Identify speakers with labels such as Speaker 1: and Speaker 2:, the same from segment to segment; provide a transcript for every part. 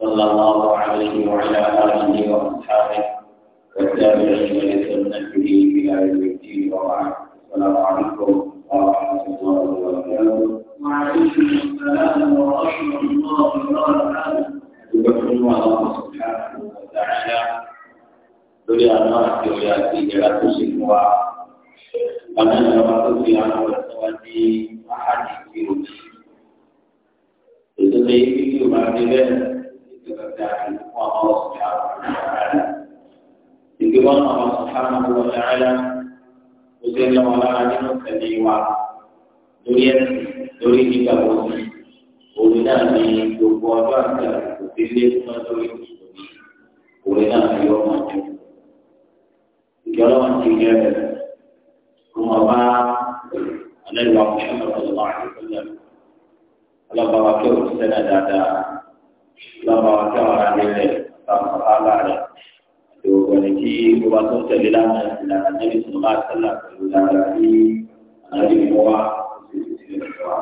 Speaker 1: صلى الله عليه وعلى آله
Speaker 2: وأصحابه والتابعين لسنته إلى يوم الدين وبعد السلام عليكم ورحمة الله وبركاته وعليكم السلام ورحمة الله وبركاته يذكر الله سبحانه وتعالى لولي أنواع الولايات لا تسلمها ومن يرد في أن والتوالي أحد يكفيه إذا تيجي بعد ذلك بفتاحه والله سبحانه وتعالى يقول الله سبحانه وتعالى وجل وعلا عنه كذيوا دوريا دوري كتابه ولنا في جوابات وفي دوري ولنا في يوم الجمعة يقولون تجاهل هما ما أن الله محمد صلى الله عليه وسلم على بركة السنة lọ́mọ ọjọ́ ọ̀rá nílẹ̀ àtàwọn ọ̀hálà rẹ̀ àti ògùn ní kí gbogbo tó tẹ̀lé lánàá ìlànà níbi tó máa tẹ̀lé pẹ̀lú dára ní àlàyé mọ́ wa oṣù tí ó ti wà.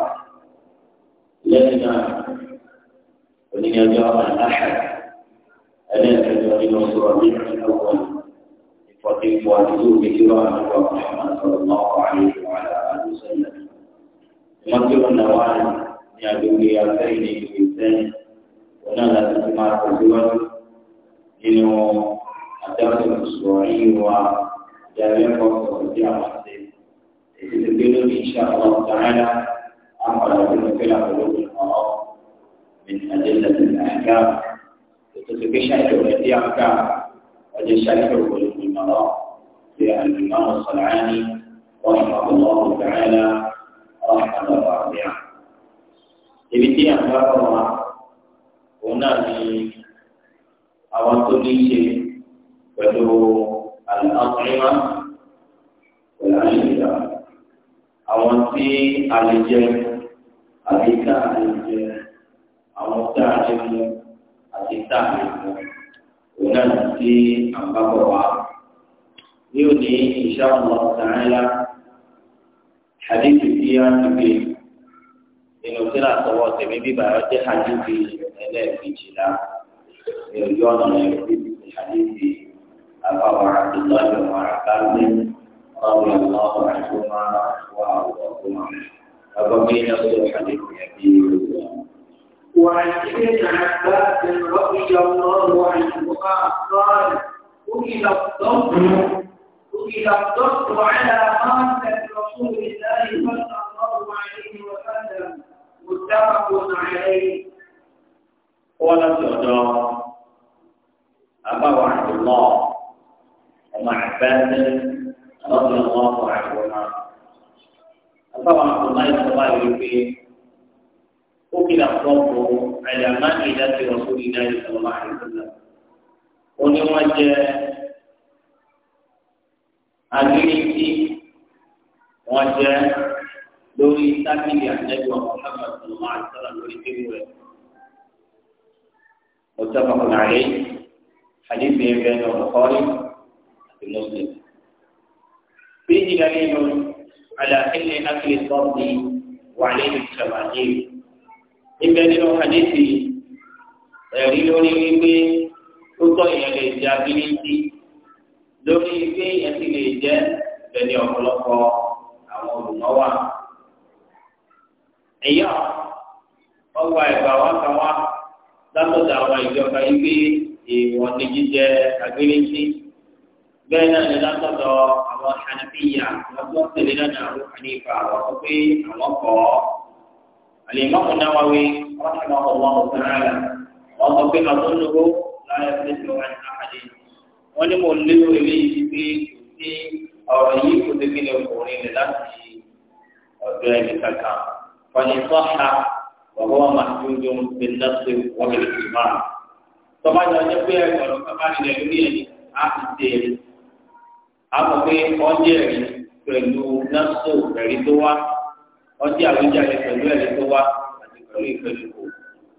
Speaker 2: lẹ́yìn náà oníní ọjọ́ àdáṣà ẹlẹ́ẹ̀kẹ́jọ nínú oṣù ọdún ìfọwọ́ ìfọ̀tí ipò àdúgbò kékeré àdúgbò àmọ́ sọ̀rọ̀ náà wà ní ìwà àdúgbò sẹ́yìn.
Speaker 1: ìmọ̀tí ó nà wá
Speaker 2: ní àdúgbò àfẹ́ ìdè ìgbésẹ́yìn ونحن نتمع تزوج إنه الدرس الأسبوعي وجامع فوق الجامعة يتبين إن شاء الله تعالى أمر بنا في قلوب المرأة من أدلة الأحكام وتتبين شهر التي أحكام وجد شهر قلوب المرأة للإمام الصنعاني رحمه الله تعالى رحمة واسعة. Demikian bahwa òun náà ni àwọn tó ní í ṣe pẹ̀lú àlùmọ́tìmá pẹ̀lú àlejò àwọn tí a lè jẹ àti tá a lè jẹ àwọn tá a àti tá a òun náà ni tí à ń bá bọ̀ wá. Ní òní ìṣàmùlọ̀ sàn án lá, àdéhùn tí a ti gbé. inú tí náà sọwọ́ tèmi bíbá ẹ jẹ́ hadithi ẹlẹ́ẹ̀kejìlá ní ojú ọ̀nà ẹ̀rọ hadithi àbáwọ̀ àdìlọ́yọ̀ àràkálẹ̀ ọ̀rọ̀ tó àjọmọ́ wà tó ọ̀gbọ̀n أبقي نفس الحديث أبي وعن ابن عباس رضي الله عنهما قال أكل الضبط أكل الضبط على خامسة رسول الله صلى الله عليه وسلم متفق عليه قال سعداء أبا عبد الله أم عباس رضي الله عنهما أبا عبد الله صلى الله عليه وسلم أكل الصوم على مائدة رسول الله صلى الله عليه وسلم ونوجه أجلتي وجه lórí tábìlì àtẹ́jú ọ̀pọ̀lọpọ̀ ọ̀sọ̀lọ́mọ àtọ́lá lórí tébù rẹ̀. متفق عليه حديث بين البخاري ومسلم فيه دليل على حل أكل الضرب وعليه التماثيل إن بين الحديث دليل لي ó tọ́ ìyẹn lè jẹ abiliti lórí pé ìyẹn ti lè jẹ bẹ́ẹ̀ ni ọ̀pọ̀lọpọ̀ àwọn olùmọ́wà ẹ̀yà ọwọ́ ẹ̀gbà wa kan wá látọ̀dọ̀ àwọn ìjọba yìí pé èèwọ̀n ni jíjẹ àgbélẹ̀tì bẹ́ẹ̀ náà ni látọ̀dọ̀ àwọn hanafiya wọ́n tó ń tẹ̀lé lọ́nà àwọn hanifa wọ́n sọ pé àwọn kọ́ Al-Imam Nawawi rahimahullahu ta'ala wọ́n sọ pé àtúntò láyé tẹ̀sí wọn àhàdé wọ́n ní mo lérò eléyìí pé kò sí ọ̀rọ̀ yìí kò sí ọkùnrin rẹ̀ láti ọ̀dọ̀ ẹnì kankan. فإن صح وهو محجوج بالنص وبالإجماع طبعا لو جاء يقول كما لنبيه أحسن أما في أجل pẹ̀lú násò ẹ̀rí tó wá ọtí àwíjàre pẹ̀lú ẹ̀rí tó wá àti pẹ̀lú ìfẹ̀lùkù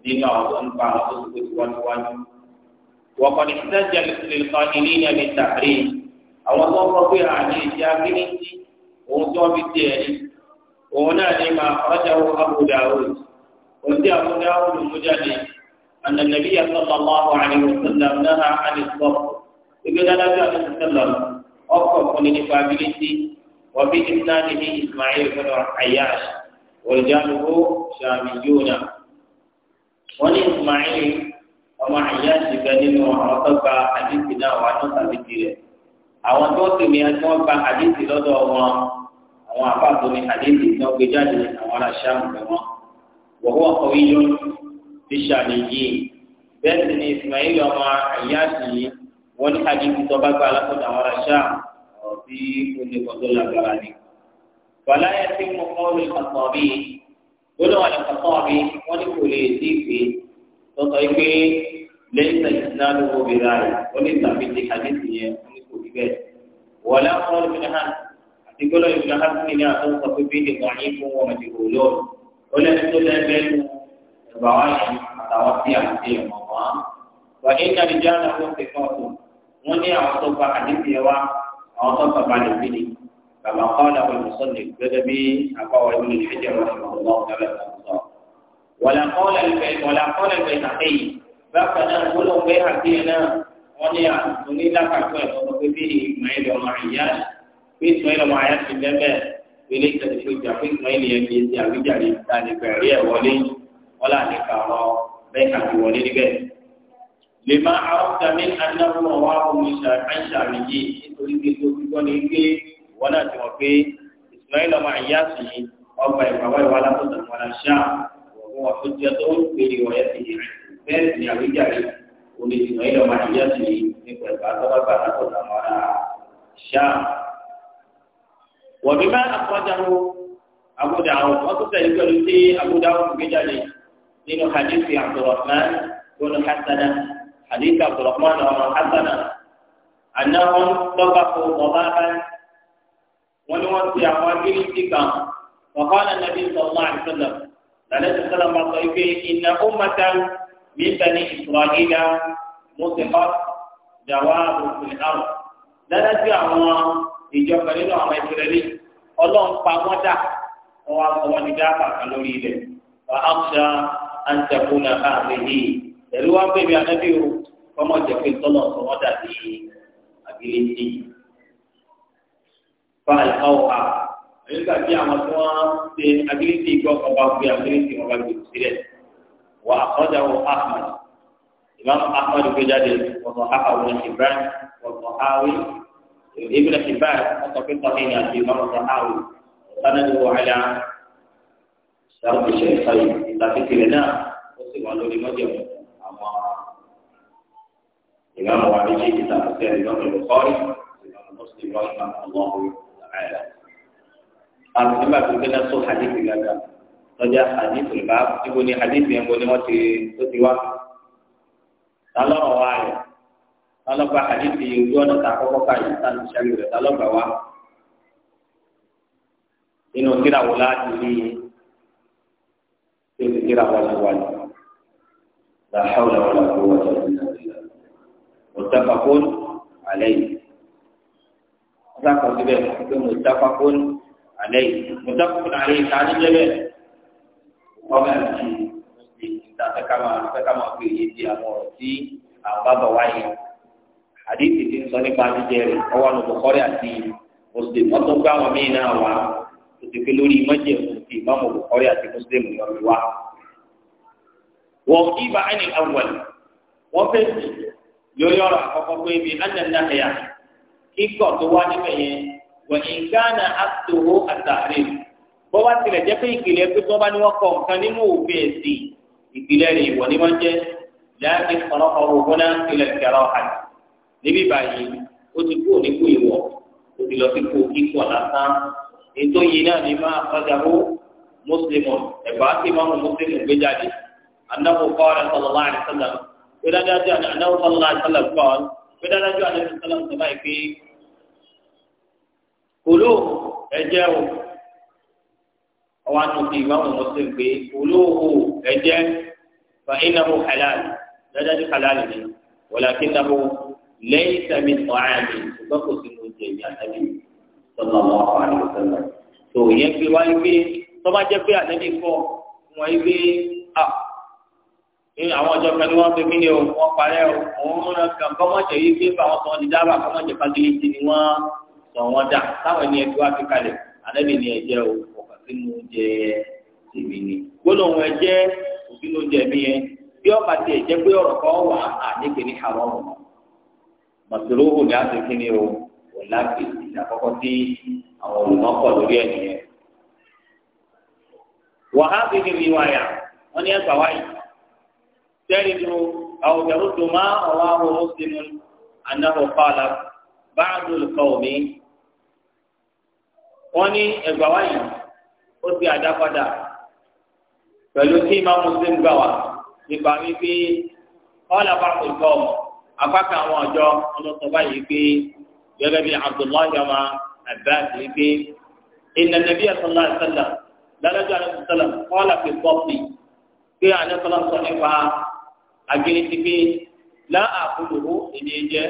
Speaker 2: nínú àwọn tó ń pa àwọn tó ti kó tiwájúwájú. wọ́pọ̀ ní sẹ́jà lè sọ ilé òun náà ní máa ọ̀rọ̀jáwó Abu Dawud òun tí Abu Dawud mú jáde أن النبي صلى الله عليه وسلم نهى عن الصبر إذا لا نبي عليه وسلم أقف من نفابلتي وفي إسناده إسماعيل بن عياش ورجاله شاميون ومن إسماعيل ọmọ àyáṣe bẹ nínú àwọn tó gba àdìsí náà wà ní sàbìtì rẹ àwọn tó sì ní ẹni gba àdìsí lọ́dọ̀ wọn àwọn àpáàtó ní àdéhùn tí wọ́n gbé jáde àwọn aláṣà àmì wọn wọ́n wọ́n kọ́ yíyọ fi ṣàlèyé bẹ́ẹ̀ sì ni Ismail ọmọ àyáàtì wọ́n ní àdéhùn tó bá gba alákọ̀dọ̀ àwọn aláṣà ọ̀rọ̀ tí ó lè kọ́ tó lágbára ni. wàláyé tí mo kọ́ lè kàtọ́ bí gbọ́dọ̀ wà lè kàtọ́ bí wọ́n ní kò lè sí ìpè tọ́tọ́ ìpè lẹ́yìn ìsinadó obìnrin rẹ̀ ó ní tàbí ti àdéhùn yẹn ó ní ìgbọ́dọ̀ ìgbà hásìmì ní àtúntò pé bí ìgbà yín fún wọn ti rò lọ́rùn ó lẹ́nu tó lẹ́gbẹ́ nu ẹ̀bà wá yẹn àtàwọn tí a ti ẹ̀mọ̀ wọ́n. wà ní ìdájọ́ àdáwọ̀ ti fọ́ tó wọ́n ní àwọn tó fa àdéhùn yẹn wá àwọn tó fa balẹ̀ bí ni bàbá kọ́lá olùsọ̀nì gẹ́gẹ́ bí àbáwọ̀ ìlú ìfẹ́jẹ̀ rẹ̀ ọ̀gbọ́n ọ̀gbọ́n pé ìsúnmọ́ ìlọ́mọ àyà ti lẹ́mẹ̀ ilé ìtẹ̀lẹ́ tó jà pé ìsúnmọ́ ìlẹ̀ yẹn ti àwíjàre láti bẹ̀rẹ̀ ẹ̀ wọlé wọn là ní kàrọ bẹ́ẹ̀ kà ti wọlé níbẹ̀. lè má àwùjọ mi anáwó ọwọ́ àwọn ìṣàmì yìí nítorí pé tó fi gbọ́ ní pé wọn náà ti mọ̀ pé ìsúnmọ́ ìlọ́mọ àyà sì ọgbà ìgbàwọ́ ìwà alákòóso ìwọ̀n àṣà wọ́n tó jẹ́ tó ń pèrè ọ̀yẹ́ ti yẹn bẹ́ẹ̀ sì ni àwíjàre olè ìsúnmọ́ ìlọ́mọ àyà sì nípa ìgbà tó bá wọ̀bí bá àkọ́jáwó àbúdáwó wọ́n tún tẹ̀lé pẹ̀lú sí àbúdáwó gbéjáde nínú hadithi abdulrahman gbọ́dọ̀ hasana hadithi abdulrahman ọmọ hasana anáwó lọ́ba kó ọba bá wọn ni wọ́n ti àwọn akéwìtì kan wọ́n nàbí sọ̀rọ̀ àìsọ̀lọ̀ lálẹ́ sọ̀rọ̀ máa sọ pé iná ó máa ta mí bani ìsúragíga mọ́tẹ́kọ́ dàwa òfin àrùn lálẹ́ sí àwọn ìjọba nínú àwọn ìsirẹ́lì ọlọ́run pa wọ́n dà wọ́n wá sọ wọ́n ní dáàbà kan lórí ilẹ̀ wà á ṣá à ń tẹ̀kún náà ká àmì yìí ẹ̀rú wá bèbí anábì o kọ́mọ jẹ́ pé tọ́lọ̀ sọ wọ́n dà sí àgbélé sí i.
Speaker 1: fáìlì káwọ́ ha
Speaker 2: nígbà tí àwọn tí wọ́n ṣe àgbélé sí ìgbọ́ ọba gbé àgbélé sí wọn bá gbé sílẹ̀ wà á wọ Ahmad Imam Ahmad gbé jáde ابن حبان وفي الصحيح في مرض الحاوي سنده على
Speaker 1: شرط الشيخين لكن لنا
Speaker 2: وصل على المجمع أما
Speaker 1: إمام وعليه كتاب السير الإمام
Speaker 2: البخاري الإمام مسلم رحمه الله تعالى أما كنا نصل حديث لنا رجع حديث الباب يقول حديث يقول ما تتوى تعالى رواية tálọ́gbà àdìsí ojú ọ̀nà tá a kọ́kọ́ ká yìí tá a ti ṣàlù rẹ̀ tálọ́gbà wa inú kírawọ láti rí i tí kírawọ ti wà ní. لا حول ولا قوة إلا بالله متفق عليه ذكر ذلك متفق عليه متفق عليه تعالى جبل وما في مسلم تتكما تتكما في يدي أمور في أبابا وعيه àdéhìí ti ń sọ nípa jíjẹ rẹ̀ ọwọ́ àwọn olùkọ́rẹ́ àti mùsùlùmí wọ́n tún gbá àwọn míì náà wá tó ti pé lórí mọ́jẹ̀mú ti ìmáàmù olùkọ́rẹ́ àti mùsùlùmí wọn fi wá. wọ́n kí ibà ẹni àwọn wọ́n fẹ́ sí lórí ọ̀rọ̀ àkọ́kọ́ pé ibi ánàlá ẹ̀yà kíkọ̀ tó wá níbẹ̀ yẹn wọ́n ìgbàna àtòwò àtàrí bó bá tilẹ̀ jẹ́ pé ìpìlẹ̀ pé tí wọ́n bá ní wọ́n kọ̀ nǹkan nínú òfin ẹ̀sìn ìpìlẹ̀ rẹ̀ ìwọ̀ ni wọ́n jẹ́ láti ọ̀rọ̀ ọ̀rọ̀ ògbóná ilẹ̀ kẹrọ àti níbí báyìí ó ti kú òní kú ìwọ ó ti lọ sí kú kíkọ lásán ètò yìí náà ní máa fọdàbó mùsùlùmù ẹ̀bà tí máa mú mùsùlùmù gbé jáde anáwó kọ́ra sọlọ́lá àdìsọ́lá pé dájú àná anáwó sọlọ́lá àdìsọ́lá kọ́ pé dájú àná sọlọ́lá sọlá ìpè kòló ẹ̀jẹ̀ o ọwọ́ àtúntì ìmáàmù mùsùlùmù pé kòló o ẹ̀jẹ̀ fa ináwó halal dájú halal ni wọ́n lẹ́yìn sami ọ̀rẹ́ mi ṣùgbọ́n kò sí mo jẹ ìyá àtàbí sọlá ọmọ ọ̀rẹ́ mi sọlá. tó yẹn pé wáyé pé tọ́ba jẹ́ pé àtẹ́bí kọ́ wọ́n yí pé à
Speaker 1: ní àwọn ọjọ́ kan ni wọ́n fi mí ni o
Speaker 2: wọ́n parẹ́ o òun múra kan kọ́mọ̀jẹ̀ yí pé báwọn sọ wọn di dábàá kọ́mọ̀jẹ̀ fagilitì ni wọ́n sọ wọn dà táwọn ẹni ẹgbẹ́ wa fi kalẹ̀ àtẹ́bí ni ẹ̀jẹ̀ o ọ̀kà sí mo jẹ èmi ni gbólóhùn ẹ̀jẹ̀ òfin ló jẹ mí yẹn bí ọ̀pá màtúrúhù ni a ti kí ni o òun láti ìdàkọ́kọ́ sí àwọn olùmọ́kọ̀ lórí ẹ̀ nìyẹn. wàhálà ti rí wáyà wọ́n ní ẹ̀fà wáyà tẹ́lẹ̀ tó àwùjọ tó máa ọ̀wá ọ̀hún mùsùlùmí anáhù kọ́lá báàdù lùkọ́ òní. wọ́n ní ẹ̀gbà wáyà ó ti àdápadà pẹ̀lú tí ìmá mùsùlùmí gbà wá nípa wípé kọ́lá báàdù lùkọ́ òní apákan àwọn ọjọ́ ọlọ́sọ báyìí pé gẹ́gẹ́ bí abdullahi ọmọ abbas yìí pé inna nabiyya sallallahu alaihi wasallam lálẹ́jọ́ alaihi wasallam kọ́lá fi bọ́ọ̀sì pé àdẹ́sọ́lá sọ nípa agiriti pé láàkúlùkù èdè jẹ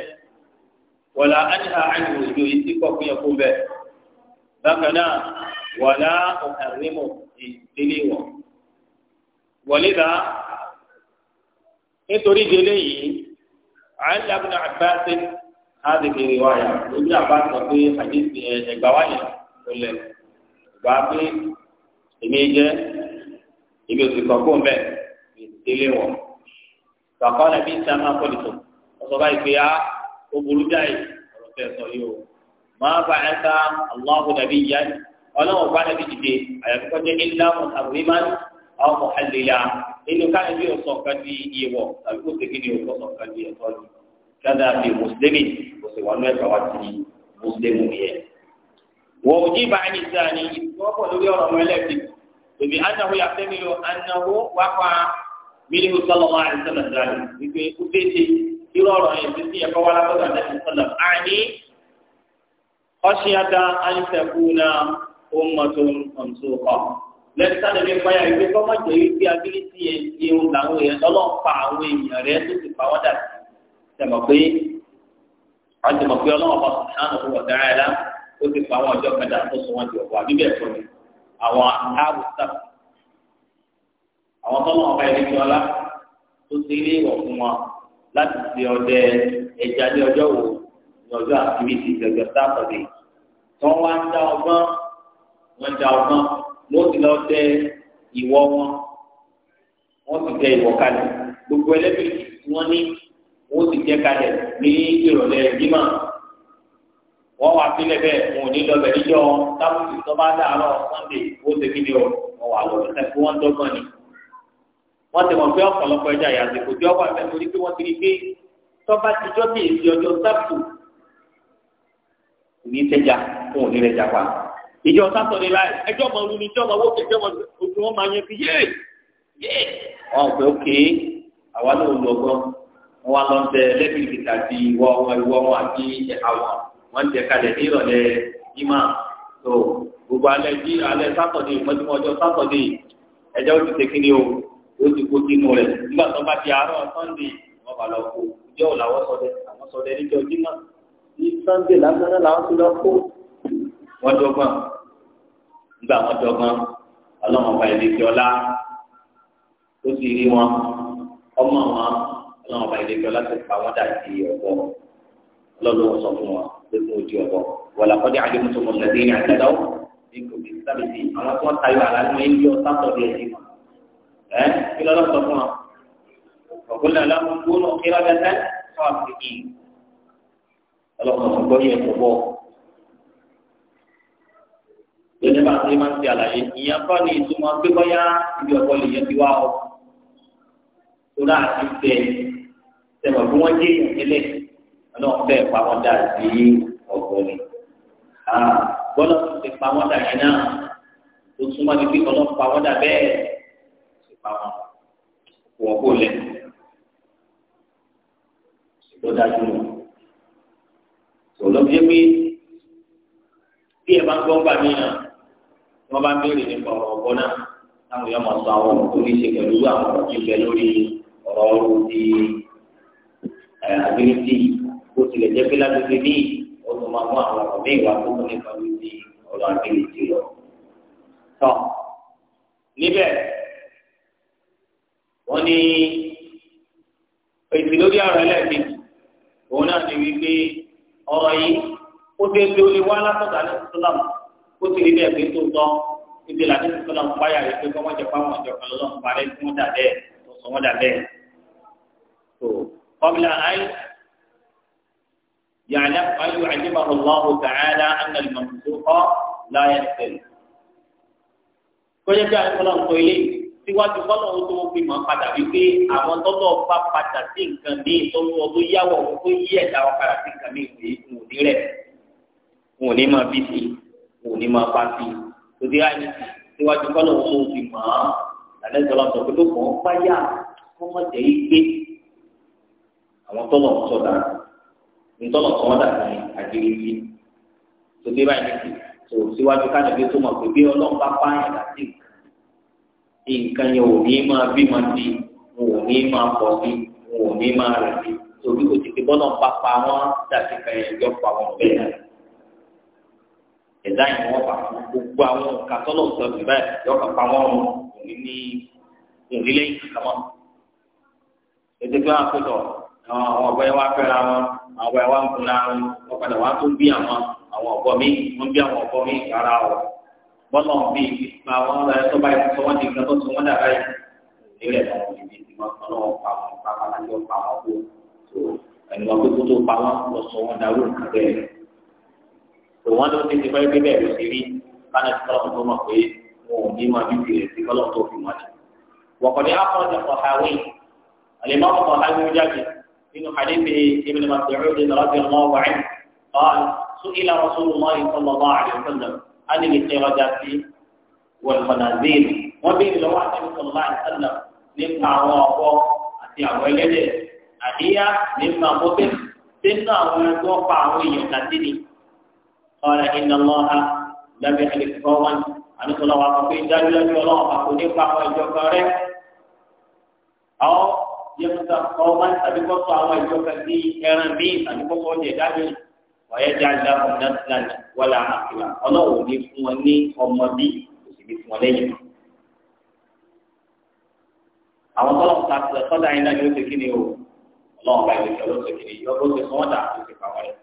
Speaker 2: wọ̀lá àníhà àìwò ìjọ yìí tí kò fún yẹ fún bákan náà wọ̀lá ọ̀kàrímọ̀ ìdílé wọ̀ wọ̀lé dá nítorí délé yìí àìlá ibn Abbas hadhihi riwaya ibn Abbas sọ pé àdìsí ẹgbà wáyà ó lẹ ìgbà pé èmi jẹ èmi ò sì kọ fún bẹ́ẹ̀ mi ti lé wọn bàbá ọ̀nà bíi sáà máa kọ́ nìkan ọ̀sọ̀ báyìí pé á ó burú jáì ọ̀rọ̀ tẹ̀ sọ yìí o máa bá ẹ ká Allahu dàbí ìyá ọlọ́wọ̀n bá dàbí dìde àyàfi kọ́jẹ́ ilé àwọn àbúrí máa ń àwọn mọ̀hálẹ́lá nínú káyọ̀ bí o sọ̀ka di iye wọ̀ tàbí kò sí kíni o sọ̀ka di ẹ̀tọ́ ni kádà bí mùsùlùmí kò sì wà ní ẹ̀ka wá sí mùsùlùmí yẹn. wọ́n ò ní ìbáyìí ní sáà ni wọ́n pọ̀ lórí ọ̀rọ̀ ọmọ ẹlẹ́bi tòbí anáwó yà fẹ́mi lọ anáwó wà pa mílíọ̀nù sọlọ́mọ àìsàn àdáyé wípé ó dédé irú ọ̀rọ̀ yẹn ti sí ẹ̀kọ́ wá lábọ́dọ̀ lẹ́ni sáà lẹ́ni ìpáyà ìgbé kọ́ máa jẹ́ ìgbé abilitì yẹn ti ń làwọn èèyàn lọ́lọ́ pa àwọn èèyàn rẹ̀ tó ti pa wọ́n dà sí. Tẹ̀mọ̀ pé wọ́n ti mọ̀ pé ọlọ́wọ́ bá sùn náà lọ́wọ́ dára ẹ̀dá ó ti pa àwọn ọjọ́ kẹta tó sùn wọ́n ti ọ̀pọ̀ àbí bẹ́ẹ̀ sọ ni àwọn ààbò sáp àwọn tọ́lọ́ ọba ẹni tí ọlá tó ti rí ọ̀fun wọn láti ṣe ọdẹ ẹja ní ọjọ́ wo ní ọjọ́ àkíyèsí ìgbẹ̀gbẹ̀ sáfọ̀dé tí wọ́n wá wọ́n ti lọ tẹ ìwọ wọn wọ́n ti tẹ ìwọ kalẹ̀ gbogbo ẹlẹ́bìrì tí wọ́n ní wọ́n ti tẹ kalẹ̀ ní ìrọ̀lẹ́ bímọ wọ́n wà sílẹ̀ bẹ́ẹ̀ wọn ò ní lọ bẹ̀ níjọ́ sábùsì tó bá dàárọ̀ sunday ó ṣe kí o wọ́n wà lọ bẹ̀ fún wọn dọ́gbọ́n ni wọ́n ti mọ̀ pé ọ̀pọ̀lọpọ̀ ẹja ìyàtọ̀ kò tí ọ̀pọ̀ àfẹ́ torí pé wọ́n ti rí pé tọ́ba ti jọ́ bí èsì ọjọ́ sábùsì ní tẹ́jà fún òní rẹ̀ jà pa ìjọ sátọ̀dé báyìí ẹjọ́ mọ olú ni ìjọ mọ wókè ẹjọ́ mọ ojú wọn máa yẹ fi yé yé wọn pé ókè àwa náà lọ gbọ́ wọn lọ tẹ lẹ́bìrì kìtà ti ìwọ wọn ìwọ wọn àti àwọn wọn tẹ kalẹ̀ ní ìrọ̀lẹ́ ìmọ̀ tó gbogbo alẹ́ jí alẹ́ sátọ̀dé mọ́júmọ́ ọjọ́ sátọ̀dé ẹjọ́ ó ti ṣe kí ni o ó ti kó sínú rẹ̀ nígbà tó bá di àárọ̀ sọ́ndé wọn bá lọ kó ìjọ làwọn sọdẹ àwọn sọdẹ níjọ jímọ̀ ní sọ́ndé lásán nígbà wọn dọ́gbọ́n ọlọ́run ọba ìlẹkẹ ọlá ó sì rí wọn ọmọ wọn ọlọ́run ọba ìlẹkẹ ọlá ti pa wọn dà sí ọ̀bọ ọlọ́run wọn sọ fún wọn pé fún ojú ọ̀bọ wọlàkọjá àdéhùnsọ mọlẹbí ní àtẹdáwó ní kòkè sábẹsì àwọn tí wọn tayọ àlá nínú ẹni yọ sátọ bí ẹni ẹ kí lọ́lọ́ sọ fún wọn ọ̀gbọ́n náà lọ́wọ́ kúrò kí lọ́dẹ sẹ́ fún àfikì ọlọ́run ọ̀gbọ́n yẹ kó bọ́ gẹ́gẹ́ bá ti máa ń ṣe àlàyé ìyẹn kọ́ ni ìtumọ̀ pé bọ́yá ibi ọ̀pọ̀ lè yẹ ti wá ọ. Tóra àti tẹ tẹmọ̀ bí wọ́n dé ìyẹ̀lẹ̀ ọlọ́run bẹ́ẹ̀ pa wọ́n dà sí ọ̀pọ̀ ni. Bọ́lá ti pa wọ́n dà yẹn náà tó súnmọ́ ní bí ọlọ́run pa wọ́n dà bẹ́ẹ̀ ti pa wọ́n kó lẹ̀. Ṣèlú dájú nù. Sọ̀lọ́ bí ẹ pé ń gbọ́ gbà mí náà wọn bá ń béèrè nípa ọ̀rọ̀ ọgbọ́n náà táwọn yọmọ sọ àwọn ọ̀rọ̀ tó ní ṣe pẹ̀lú àwọn ọ̀rọ̀ tó bẹ lórí ọ̀rọ̀ ọ̀rọ̀ ti àgbẹrẹsì bó tilẹ̀ jẹ́ pé lágbègbè ní o tó máa mú àwọn ọ̀rọ̀ míì wá tó tó nípa lórí ọ̀rọ̀ àgbẹrẹsì lọ. tọ níbẹ̀ wọ́n ní èsì lórí ọ̀rọ̀ ẹlẹ́ẹ̀kejì òun náà ti wí pé ọ̀rọ̀ yìí ó ti ń lo ewa látọ̀dá ní sùlámù ó ti rí bẹ́ẹ̀ pé tó tọ́ ibi làdé tó lọ ń fáyà rẹ pé kọ́mọ́jọ fáwọn ọ̀jọ̀ kan lọ́wọ́ ń parẹ́ tí wọ́n dà bẹ́ẹ̀ tó wọ́n dà bẹ́ẹ̀. tó ayé yàrá ayé àjẹmọ́ ọlọ́hu tààlà ánàlì mọ̀tòkọ́ láyé tẹ̀lé. kọ́jà bí àwọn ọlọ́run tó ilé síwájú bọ́lá ohun tó fi mọ̀ padà wípé àwọn tọ́lọ́ bá padà sí nǹkan ní ìtọ́wọ́ tó yáwọ̀ òní máa bá fi lóde àyè síwájú kọ́nà òun ti mọ̀ án lálẹ́ sọ́lá sọ pé tó kàn án páyà kọ́ mọ̀ jẹ́ igbe àwọn tọ́lọ̀ ń sọ̀dà ní tọ́lọ̀ sọ wọ́n dàgbà ní àgbèrè yìí lóde báyìí nìkì tó síwájú káàdì bí tó mọ̀ pé bí ọlọ́run bá pààyàn láti nǹkan yẹn òní máa bí máa di òní máa pọ̀ sí òní máa rẹ̀ sí torí kò tètè bọ́lọ̀ ń bá dàbí kan yẹn yọ pa wọn bẹ́ẹ̀ ẹ̀dá yìí wọ́n fà gbogbo àwọn ọ̀ka tọ́lọ̀ sọ bí báyìí yọ̀ọ̀kan pa wọ́n mọ̀ òní ní ìrìlẹ̀ ìkàmọ́. ètò ìgbà àkójọ àwọn ọ̀bẹ wa fẹ́ra wọn àwọn ọ̀bẹ wa ń kunra wọn wọ́n padà wá tún bí àwọn àwọn ọ̀bọ mi wọ́n bí àwọn ọ̀bọ mi rárá o. bọ́lá bí ìgbà wọn rẹ tó bá yẹ sọ wọ́n di nǹkan tó wọ́n dàbá yìí nílẹ̀ lọ́wọ́ tò wọ́n ló ti ti fẹ́ gbé bẹ́ẹ̀ ló ti rí kánà tí kọ́lọ́ tó mọ̀ pé wọn ò ní máa bí tìrẹ̀ sí kọ́lọ́ tó fi wọ́n ni. wọ̀kọ̀dé akọ́jà kọ̀háwé àlèmọ́ kọ̀háwé jáde nínú hadith ibn Mas'ud radiyallahu anhu قال سئل رسول الله صلى الله عليه وسلم عن الخراجات والخنازير وبين لوحة صلى الله عليه وسلم nípa àwọn ọkọ àti àwọn ẹlẹ́dẹ̀ nípa àwọn ẹgbẹ́ قال إن الله لم يحلف قوما أن صلى في عليه وسلم دليل الله أكون يقع وجوكاره أو يمسك قوما أبي قصة أو يجوك في كيران بي أبي قصة وجه ويجعل لهم نسلا ولا عقلا الله يفوني أمدي يسبب عليهم àwọn tọ́lọ̀ ta sọ́dà yín náà yóò ṣe kí ni o ọlọ́run bá yóò ṣe ọlọ́sẹ̀ kí yọ bó ṣe sọ́wọ́n dà tó ṣe pàwọ́ rẹ̀.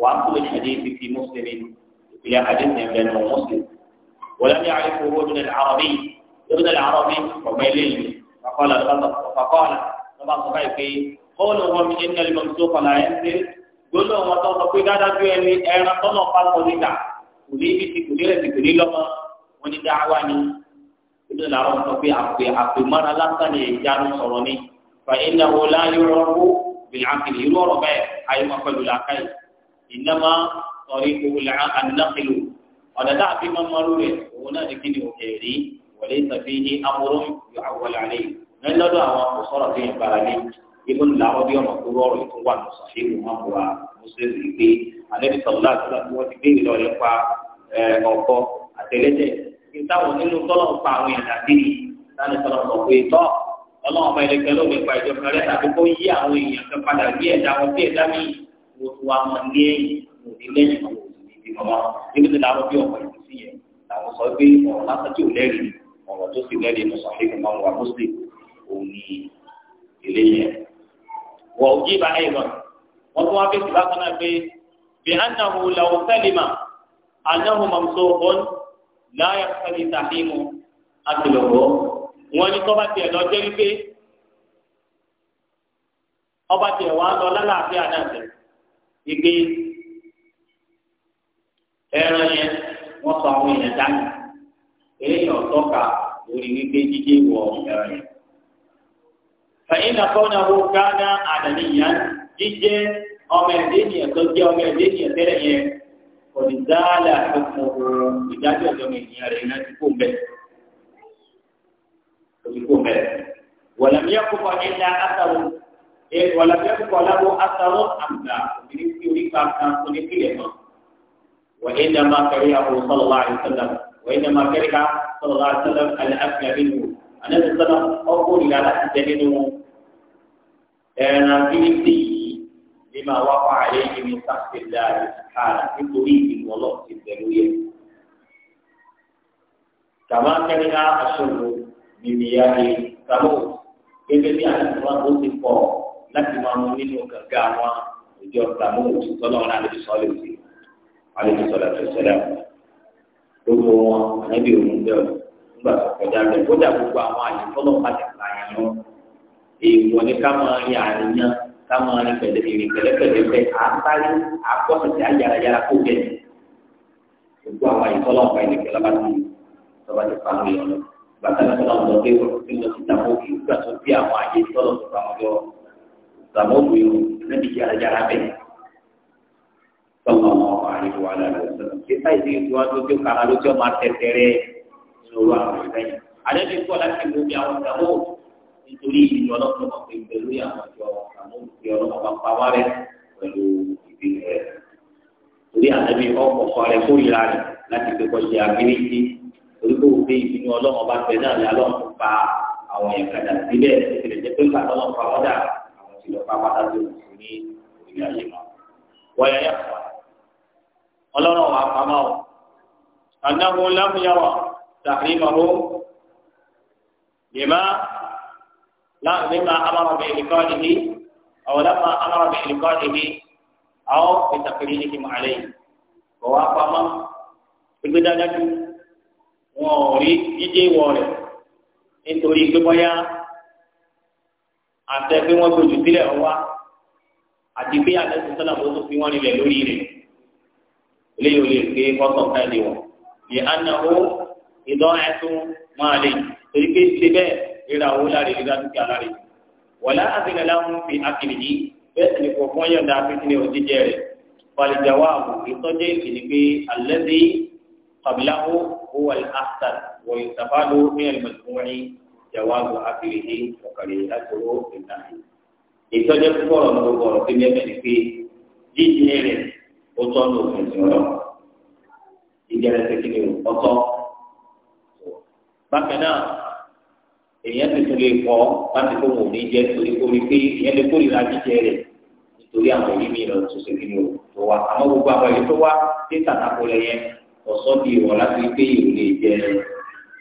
Speaker 2: وأصل الحديث في مسلم إلى حديث بأنه مسلم ولم يعرفه هو ابن العربي ابن العربي وميلين فقال الخطب فقال طبعا صحيح قوله إن الممسوق لا ينزل gbolo wọn tó sọ pé dáadáa ẹni ẹran tọnà pàtó níta kò ní ibi tí kò ní rẹsì kò ní lọmọ wọn ní dáhàwá ni inú làwọn sọ pé àpè àpèmọ́ra lásán ni ìjánu sọ̀rọ̀ ni fa iná wo láyé rọ́ọ̀kú bìlà kìlì irú ọ̀rọ̀ bẹ́ẹ̀ ayé wọn pẹ̀lú làákàyè ìnáma ọ̀rí ìwòlá ànáfìlò ọ̀nà tá a fi máa marú rẹ̀ òun náà ní kí ni òkè rí wọlé tàbí ní amúrún yóò àwọlé àlẹ́ yìí lọ́dọ̀ àwọn kò sọ̀rọ̀ sí yẹn bára ní ibi ńlá ọdí ọmọ tó rọrùn yìí tó wà ní sàfihàn máa wà mùsùlùmí pé àlẹ́bí sọ̀lá àti láti wọ́n ti gbé ìlọ rẹ̀ pa ọ̀kọ́ àtẹ̀lẹ́tẹ̀ kí táwọn nínú tọ́lọ̀ ń pa àwọn èèyàn àti ìdáni tọ́lọ̀ sọ pé tọ́ ọlọ́run ọmọ ẹ̀lẹ́kẹ́ ló lè pa ìjọba rẹ̀ tàbí kó yí àwọn èèyàn kan padà bí ẹ̀dá wọn bí ẹ̀dá míì mo tún wá mọ ní òní lẹ́yìn àwọn òní bí mọ́ níbi tí làwọn bí ọ̀pọ̀ ìlú sí yẹn làwọn sọ pé ọ̀rọ̀ lásán tí ò lẹ́rìí ọ̀rọ̀ tó sì lẹ́rìí lọ sọ̀rọ̀ ìgbìmọ̀ àwọn wa muslim òní ilé yẹn. wọ̀ ojú ìbá ẹ̀rọ wọ́n tún wá fi sí bákan náà pé bí annahu law salima annahu mamsukhun la yaqtadi tahrimu àtìlọ́wọ́ wọn ní tọ́ba tiẹ̀ lọ jẹ́ wípé ọba tiẹ̀ wà lọ lálàáfíà náà ike ẹran yẹn wọ́n sọ àwọn èèyàn dání èèyàn tọ́ka lórí wípé jíjẹ wọ ẹran yẹn. fẹ̀yìn nàkọ́ náà ó gánà àdàníyà jíjẹ ọmọ ẹ̀dẹ́ ènìyàn tó jẹ́ ọmọ ẹ̀dẹ́ ènìyàn tẹ́lẹ̀ yẹn kọ̀dídáàlà tó mọ ìdájọ́ ìjọba ènìyàn rẹ̀ náà ti kó bẹ́ẹ̀. Òtí kó bẹ́ẹ̀. wọ̀làmíyà kó kọ́ ní ilé إيه ولم يبق له أثر أمدا ومن يريد أن تنقله وإنما كرهه صلى الله عليه وسلم وإنما كره صلى الله عليه وسلم الأكل منه أنا السلام أقول إلى لا أحد أنا في نفسي لما وقع عليه من سخط الله سبحانه في طريق ولطف الدنيا كما كره الشرب من مياه ثمود gẹ́gẹ́ bí àwọn láti máa mú nínú gàgà àwọn ìjọ tàbí òtún tọ́lọ́ wọn àlejò sọ́ọ́lẹ̀ sí àlejò sọ́ọ́lẹ̀ tẹ̀sẹ̀lẹ̀ gbogbo wọn ànábì òun bẹ́ẹ̀ nígbà tó kọjá bẹ́ẹ̀ kódà gbogbo àwọn àyè tọ́lọ́ pàtẹ pààyàn lọ èèwọ̀ ni ká máa rí àríyàn ká máa rí pẹ̀lẹ́pẹ̀lẹ́ pẹ̀lẹ́pẹ̀lẹ́ pẹ̀ àtàrí àkọsẹ̀tẹ̀ ayárayára kó bẹ̀ gbogbo àwọn àyè tọ́lọ́ pa ti lọ́ba ti pa sàmóògùn irun níbi jarajara bẹ́ẹ̀ sọ́kàn ọmọ àríwá aláàbẹ̀ sọ̀rọ̀ kíkà ìdí ìwádìí ojú kara lójú ọmọ àtẹ̀tẹ̀rẹ̀ lóru àwọn ìrẹ́yìn àdébí kọ́ láti gbóbi àwọn sàmóògùn nítorí ìdílé ọlọ́pàá pé pẹ̀lú àwọn àjọ sàmóògùn tí ọlọ́pàá pa wá rẹ̀ pẹ̀lú ìbílẹ̀
Speaker 1: rẹ̀ torí àdébí ọkọ̀ rẹ̀ kórìíra rẹ̀ láti fi kọjá abiriji
Speaker 2: orúkọ òfin ìbínú ọlọ́mọba pẹ̀lú àlẹ́ alọ́mọba àwọn ẹ̀ka dà síbẹ̀ ìjọba pátá tó wù fún ní ìgbà yìí mọ́. wọ́n yẹ fà ọlọ́run wà pamọ́ o anáwó lámúyàwó tàbí màmú bìmá láàrin máa amára bẹ̀rẹ̀ nìkan nìyí àwọn lámà amára bẹ̀rẹ̀ nìkan nìyí àwọn ìtàkùrẹ́ nìyí mọ̀ àlẹ́ yìí wọ́n wà pamọ́ ìgbédájú wọn ò rí jíjẹ́ ìwọ rẹ̀ nítorí gbẹ́bọ́yá àtẹ pé wọ́n gbòdù sílẹ̀ ọwá àti pé àtẹ̀sí sọ́nà tó tún fi wọ́n rinlẹ̀ lórí rẹ̀ eléyìí ò lè gbé kọ́tọ̀ káyọ̀dé wọn. ní anáwó ìdán ẹ̀tún máa lè torí pé ṣe bẹ́ẹ̀ ríra owó láre ríra dúkìá láre. wọ̀lá àtìlẹ̀ láwọn fi akìlì yìí bẹ́ẹ̀ sì ni kò fún yọ̀ǹda pínpín òjíjẹ rẹ̀. fàlìjàwá àwọn ìtọ́jú ìkìlì pé alẹ́bí kàbíláwó owó àlẹ́ jawabu akilihi ọkàlẹ ìdájọwọ ìdáhìn ìtọjẹ púpọ̀ ọ̀nà gbogbo ọ̀rọ̀ pé mẹfẹ ni pé jíjìn rẹ ó tọ́ ní òfin ìsìn ọlọ ìjẹrẹ tẹkẹlẹ ọtọ bákan náà èèyàn ti tún lè kọ láti kó wọn ò ní jẹ torí kó rí pé èèyàn lè kórìíra jíjẹ rẹ nítorí àwọn èyí mi lọ tó ṣe o tó wa àmọ́ gbogbo àwọn tó wá dé tàtàkùn rẹ yẹn ọsọ bíi ìwọ láti pé ìwọ jẹ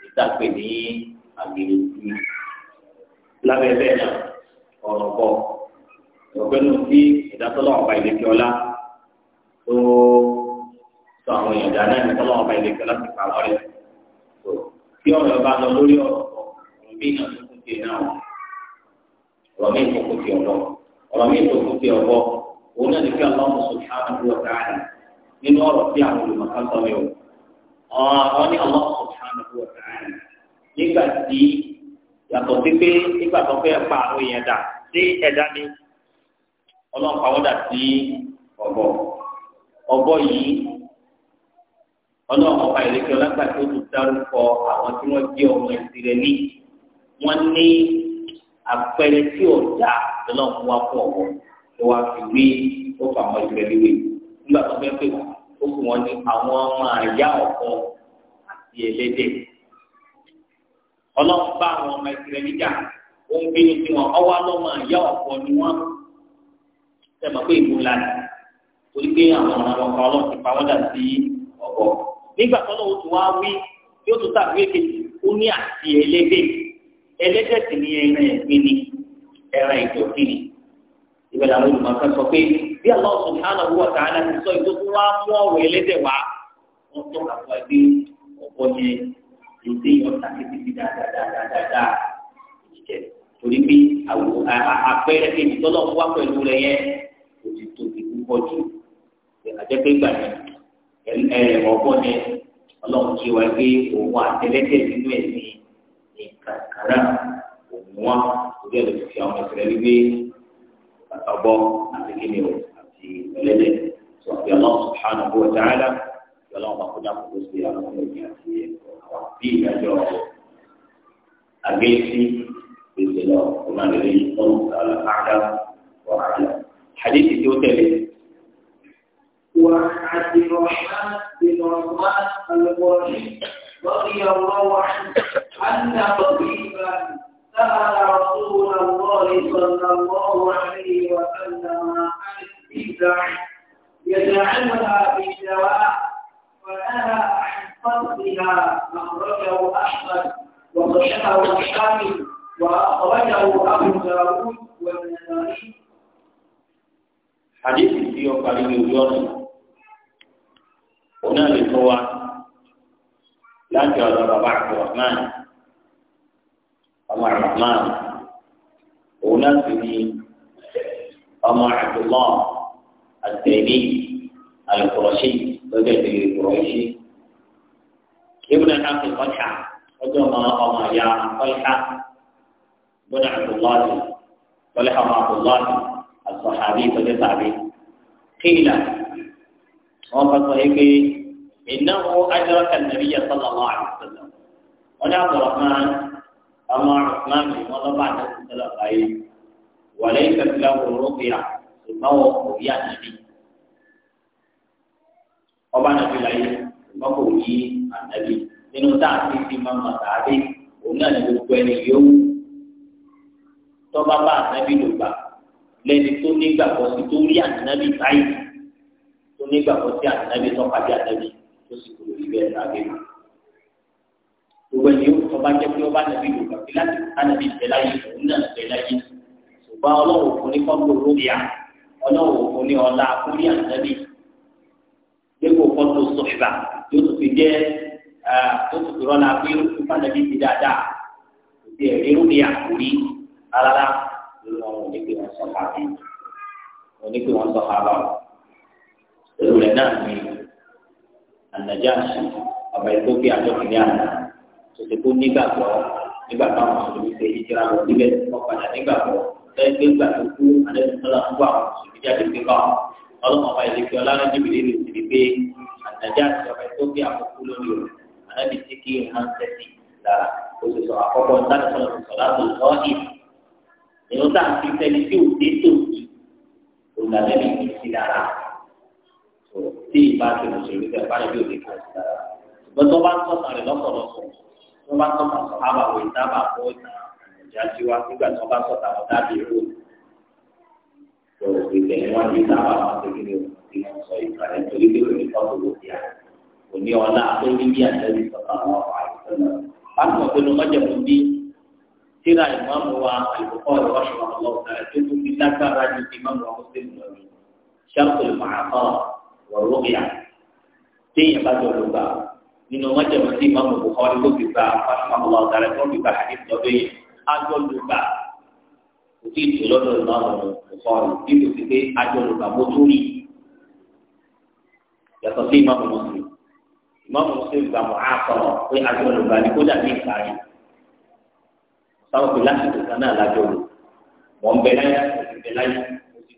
Speaker 2: ìtàpé ní àgbèrè sí i lábẹ́ bẹ́ẹ̀ náà ọ̀rọ̀ bọ̀ ọ̀gbẹ́nu sí ìdásọ́lọ́ ọ̀pá ìlẹ́kẹ́ ọlá tó sọ àwọn èèyàn dáná ìdásọ́lọ́ ọ̀pá ìlẹ́kẹ́ ọlá ti pa wọ́n rẹ̀ tó tí ọ̀rọ̀ bá lọ lórí ọ̀rọ̀ bọ̀ ọ̀rọ̀ bí ìyàn tó kún sí náà ọ̀rọ̀ mi tó kún sí ọ̀bọ ọ̀rọ̀ mi tó kún sí ọ̀bọ òun náà ní kí ọlọ́run sọ ṣáàbù wọ̀tàrà nínú ọ̀rọ̀ tí àwọn olùmọ̀ká sọ mi ò ọ̀ ní ọlọ́run sọ ṣáàbù wọ̀tàrà nígbà tí yàtọ̀ sí pé nígbà tó fẹ́ pa àwọn èèyàn dà sí ẹ̀dá ni ọlọ́run pàwọ́ dà sí ọ̀bọ ọ̀bọ yìí ọlọ́run ọba ìrèké ọlọ́gbà tó tún dárúkọ àwọn tí wọ́n jẹ́ ọmọ ìsirẹ́lì wọ́n ní àpẹẹrẹ tí ò dá lọ́lọ́run wá fún ọ̀bọ tó wá fi wé ó fà mọ́ ìsirẹ́lì wé nígbà tó fẹ́ pè wọ́n ó fún wọn ní àwọn ọmọ àyà ọ̀bọ àti ẹlẹ́dẹ̀ẹ́ ọlọ́run bá àwọn ọmọ ìsirẹ̀ níjà ó ń bínú sí wọn ọwọ́ alọ́mọ ìyá ọ̀pọ̀ ni wọ́n sẹ́mọ̀ pé ìlú ńlá ni torí pé àwọn ọ̀nà ọ̀kan ọlọ́run ti pa wọ́n dà sí ọ̀bọ̀ nígbà tó lọ́wọ́ tó wá wí yóò tó tàbí èkejì ó ní àti ẹlẹ́dẹ̀ ẹlẹ́dẹ̀ sì ní ẹran ẹ̀gbin ni ẹran ìdọ̀tí ni ìbẹ̀rẹ̀ àwọn olùmọ̀ọ́kẹ́ sọ pé bí Allah subhanahu wa ta'ala ti sọ ìtòkùn wa mú ọ̀rọ̀ ẹlẹ́dẹ̀ wá wọ́n èdè ọ̀tá kékeré dáadáadáadáa ìjẹ torí pé àwò àpẹẹrẹ kejì tọ́lọ̀ wá pẹ̀lú rẹ yẹn kò ti tóbi púpọ̀ jù àjẹ́ pé gbà ní ọ̀bọ ni ọlọ́run ti wá pé òun àtẹlẹ́tẹ̀ nínú ẹ̀sìn ní kàkàrà òun wọn torí ẹ̀ ló ti fi àwọn ẹ̀sìn rẹ wípé bàbá bọ́ àti kíni o àti ẹlẹ́dẹ̀ sọ̀rọ̀ bí ọlọ́run subhanahu wa ta'ala bí ọlọ́run bá kó dàpọ̀ tó àwọn ọmọ ìgbìyànjú yẹn. bí ìdájọ́ àgbéyìí gbèsè lọ kó má lè rí ọrùn sàlà àdá wàhálà. Hadith tí ó الرحمن بن عثمان الغني رضي الله عنه أن طبيبا سأل رسول الله صلى الله عليه وسلم عن البدع يجعلها بدواء فنهى فصلها أخرجه أحمد وصححه الحاكم وأخرجه أبو داود والنسائي حديث في قريب اليوم هنالك هو لا جرى بعد الرحمن أما الرحمن هنالك أما عبد الله التيمي القرشي بدأ القرشي ابن أخي طلحة وجمع أما يا طلحة بن عبد الله طلحة عبد الله الصحابي فلتابي قيل وقد هيك إنه أدرك النبي صلى الله عليه وسلم ولا عبد الرحمن أما عثمان ولا بعد السلام وليست له رقية ثم هو رقية النبي وبعد في العيد wọn kò ní ànábì nínú tá a ti fi máa mọ̀ sáré òun náà ní gbogbo ẹni yóò tọ́ba bá ànábì ló gbà lẹ́ni tó nígbàgbọ́ sí tó rí ànábì báyìí tó nígbàgbọ́ sí ànábì tó pàdé ànábì tó sì kúrò níbẹ̀ sáré gbogbo ẹni yóò tọ́ba jẹ́ pé ọba ànábì ló gbà sí láti ànábì tẹ̀lá yìí òun náà tẹ̀lá yìí ṣùgbọ́n ọlọ́wọ́ fún ní kọ́ńtò lórí à ọlọ́wọ́ fún ní ọlá àkúrí ànábì kó kọ́tò sọ̀ṣìbà yóò tún fi jẹ́ yóò tún fi rọ́lá pé ìfànàbí ti dáadáa kò tiẹ̀ rírú ni àkórí rárá lórí àwọn onígbé wọn sọ fàbí onígbé wọn sọ fàbá èrò rẹ̀ náà ni Ànàjáṣì ọba Ethiopia àjọkìnrin àná tó ti kó nígbàgbọ́ nígbà táwọn mùsùlùmí ṣe ìjìra lọ síbẹ̀ ọ̀padà nígbàgbọ́ lẹ́yìn pé gbà tó kú àlẹ́ tó tọ́lá fún àwọn mùsùlùmí jáde pé báwọn ọlọ́mọba ìdíkẹ́ ọlá jìbìlì rẹ̀ sì ni pé nàìjíríà ti sọ fẹ́ tó bí àkókò lórí o ànábì tí kì í máa ń tẹ́sí lára oṣooṣù àkọ́kọ́ láti sọ sọ láti sọ ì nínú tá à ń fi tẹ́lẹ̀ tí ò dé tó yìí olùdarí mi kì í sí lára tí ìbá ti mùsùlùmí tẹ̀ bá rẹ̀ bí òde kan sí lára ṣùgbọ́n tó bá ń tọ́ta rẹ̀ lọ́pọ̀lọpọ̀ tó bá ń tọ́ta sọ̀ òṣèlè wọn ní sábà wọn kékeré wọn ti wọn sọ ìkàlẹ̀ torí pé kò ní kọ́tù ló fi àná kò ní ọlá tó ní bí àtẹ́lẹ́ sọ̀tà àwọn ọmọ àìsàn náà pásítọ̀ tó ló mọ́jẹ̀ fún bí tíra ìmọ̀ọ́mù wa àlùkò ìwọ́sùn ọlọ́ọ̀tà tó tún fi lágbára ju ti mọ́mù wa mùsùlùmí lọ ní ṣàkóso màákọ́ wọ̀rọ̀gìyà téèyàn bá jọ ló gbà nínú mọ́jẹ̀ fún bí mọ́mù bùkọ́ tí ìtò lọ́dọ̀ ìmáàmù Bukhari bí kò sí pé ajọ lùgbà mọ́ tó rí yàtọ̀ sí ìmáàmù Muslim ìmáàmù Muslim gbà mọ́ àkọ́rọ̀ pé ajọ lùgbà ni kó dàbí ìparí sáwọn pé láti tó kanáà lájọ lò mọ̀ ń bẹ láyé kò sí bẹ láyé kò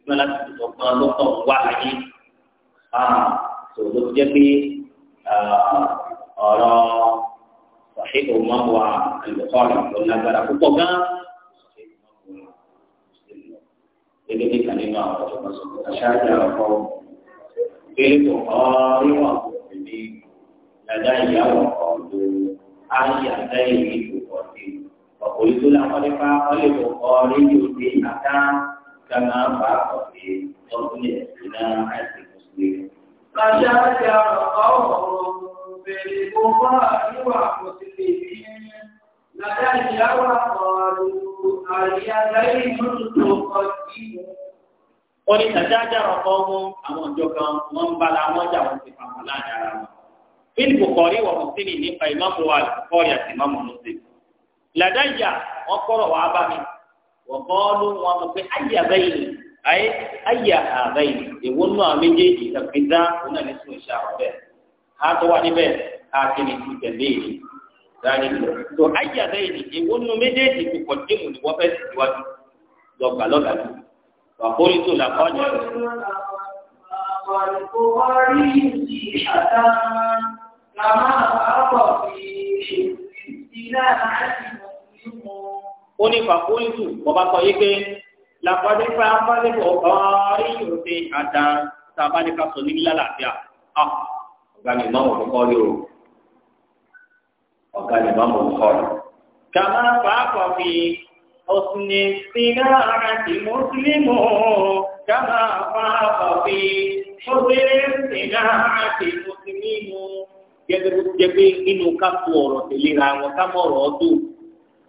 Speaker 2: gbọ́n láti tó gbọ́n lọ́tọ̀ wá láyé tó ah, ló jẹ́ pé ah, ọ̀rọ̀ sàhíhù máa wà Bukhari ló púpọ̀ gan-an gẹ́gẹ́ bí kan nínú àwọn ọ̀jọ̀gbọ́n sọ aṣáájú àkọ́ pé kò kọ́ níwọ̀n kò ní dada ìyàwó kan ló ayé àtẹ́yìn ní ìkókò sí ọ̀pọ̀ ìlú làwọn nípa wọn lè kó kọ́ rédíò dé àtá gánà bá kọ̀ sí tọ́jú lè sí náà àìsí mùsùlùmí. aṣáájú àkọ́
Speaker 1: òun
Speaker 2: fèrè kó kọ́ àríwá kò sí lè bí ẹni wọ́n ní sàdájà ọkọ̀ wọn àwọn ọjọ́ kan wọ́n ń bala wọn jà wọ́n ti pàmò ládàra wọn. bíi bùkọ́rí wọ̀ mùsùlùmí nípa ìmáàmù wa bùkọ́rí àti ìmáàmù mùsùlùmí. làdájà wọn kọ́rọ̀ wá bá mi wọ́n kọ́ ló wọn mọ̀ pé ayé àbẹ́yìn ayé ayé àbẹ́yìn èwo nù àwọn méjèèjì ìtàkùnjá òun náà ní sùn ìṣàrọ̀ bẹ́ẹ̀. a tó wá níbẹ̀ a ti tẹ̀lé yìí dání tó ayé bẹ́ẹ̀ ni èwo nu méjèèjì ti pọ̀ dé mu ni wọ́n fẹ́ sì síwájú lọ́gbà lọ́gà tó wà kórè tó là kọ́ ọ̀jà. ó ní fàkóyè tù wọ́n bá sọ yé pé làkọ́dé fẹ́ abálẹ́bọ̀ ọ̀rí yóò ṣe àdá tá a bá ní ká sọ ní nílá làbíà. Ah, ọ̀gá mi máa ń wọ̀ ọ̀gá ni màmú kọ́ọ̀lù. kàmá pàápàá fi ọ̀sìn ìsìnká ara ti mùsùlùmù kàmá pàápàá fi ọ̀sìn ìsìnká ara ti mùsùlùmù. jẹ́ pé nínú ká fún ọ̀rọ̀ tẹ̀léra wọn ká mọ̀ ọ̀rọ̀ ọdún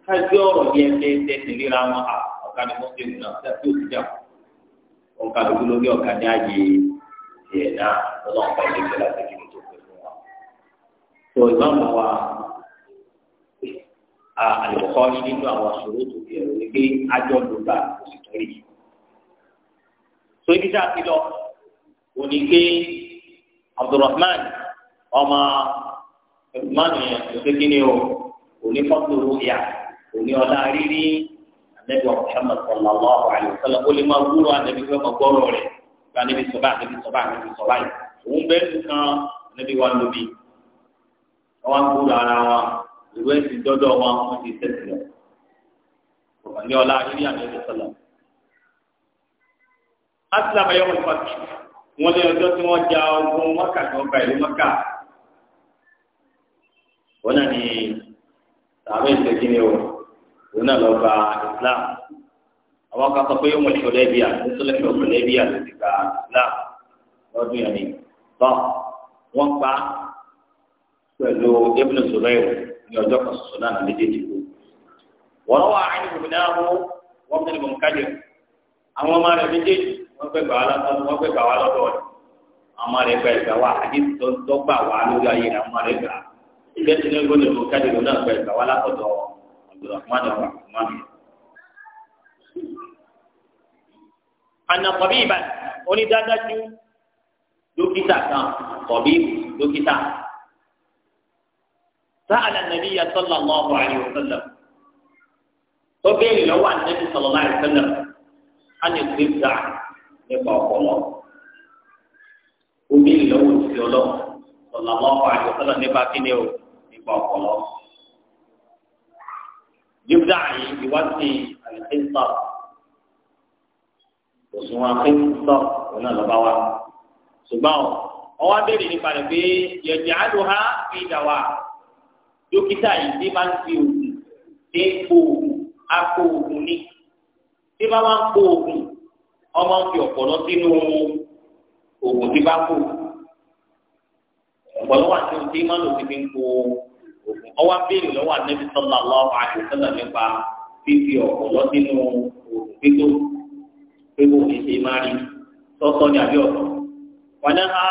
Speaker 2: ká gbé ọ̀rọ̀ yẹn tẹ́ tẹ̀léra wọn ọ̀gá ni mùsùlùmù náà tẹ́tí òṣìṣẹ́ ọ̀gá gbogbo lórí ọ̀gá ní ààyè tiẹ̀ náà lọ́nà ọ̀gá ilé ìgbẹ́lá tẹ́kì tó ìmáàmù wa àlùkọ́ nínú àwọn àṣòro tó fi ẹ̀rọ wípé ajọ́ ló gbà kó sì tó rí. so ibi tá a ti lọ kò ní pé Abdulrahman ọmọ ẹ̀fúnmánu yẹn kò sí kí ni o kò ní fọ́tò rúbíà kò ní ọlá rírí anabi wa Muhammad sallallahu alayhi wa sallam ó lè máa wúrọ anabi fẹ́ máa gbọ́rọ̀ rẹ̀ gba anabi sọ̀bá anabi sọ̀bá anabi sọ̀bá yìí òun bẹ́ẹ̀ ìwé ti dọ́dọ̀ wọn wọ́n ti tẹ̀sí lọ. Ọ̀gbìn ọ̀la ayélujára ní ẹgbẹ́ sọ̀lá. Aslam ayọ́mọ̀ ìfàkì wọ́n lé ọjọ́ tí wọ́n ja ogun mọ́kà tí wọ́n gba ìlú mọ́kà. Wọ́n náà ní tàbí ìṣèjì ni o, òun náà lọ gba Islam. Àwọn kan sọ pé yóò mọ̀ ìṣòro ẹbí à, nítorí ìṣòro ẹbí à ló ti gba Islam lọ́dún yẹn ni. Bọ́n wọ́n pa pẹ̀lú Ibn Zubayr ní ọjọ́ kan ṣoṣo náà ní méjèèjì kú. wọ́n wá àyìnbó náà mú wọ́n fi lùmọ̀ kájẹ̀ àwọn ọmọ rẹ̀ méjèèjì wọ́n fẹ́ gbà wá lọ́dọ̀ wọ́n fẹ́ gbà wá lọ́dọ̀ rẹ̀ àwọn rẹ̀ gba ìgbà wá àdéhùn tó gbà wá lórí ayé rẹ̀ àwọn rẹ̀ gbà ìgbẹ́ tí wọ́n gbọ́dọ̀ lùmọ̀ kájẹ̀ lọ́dọ̀ gba ìgbà wá látọ̀dọ̀ Abdulrahman ana tabiban onídàádájú dókítà kan tọ̀bí dókítà سأل النبي صلى الله عليه وسلم وبين لو أن النبي صلى الله عليه وسلم أن يتبدع نقاط الله وبين لو أن الله صلى الله عليه وسلم نقاط نقاط الله يبدع يوصي الخنصر وسوى الخنصر هنا لبوا سبحان الله أوامر نقاط في يجعلها في دواء dókítà yìí bí máa ń fi oògùn bí ń po oògùn akó oògùn ní bí bá wá ń po oògùn ọmọ ń fi ọ̀pọ̀lọ́ sínú oògùn tí bá kó ọ̀pọ̀lọ́ wà sí ti máa ń lò sí fi ń po oògùn ọwọ́ abéèrè lọ́wọ́ àdébí sọ́lá lọ́wọ́ àdébísọ́lá nípa fífi ọ̀pọ̀lọ́ sínú oògùn pító pé kò ní ṣe máa rí sọ́sọ́ ní àbí ọ̀tọ̀ wọn náà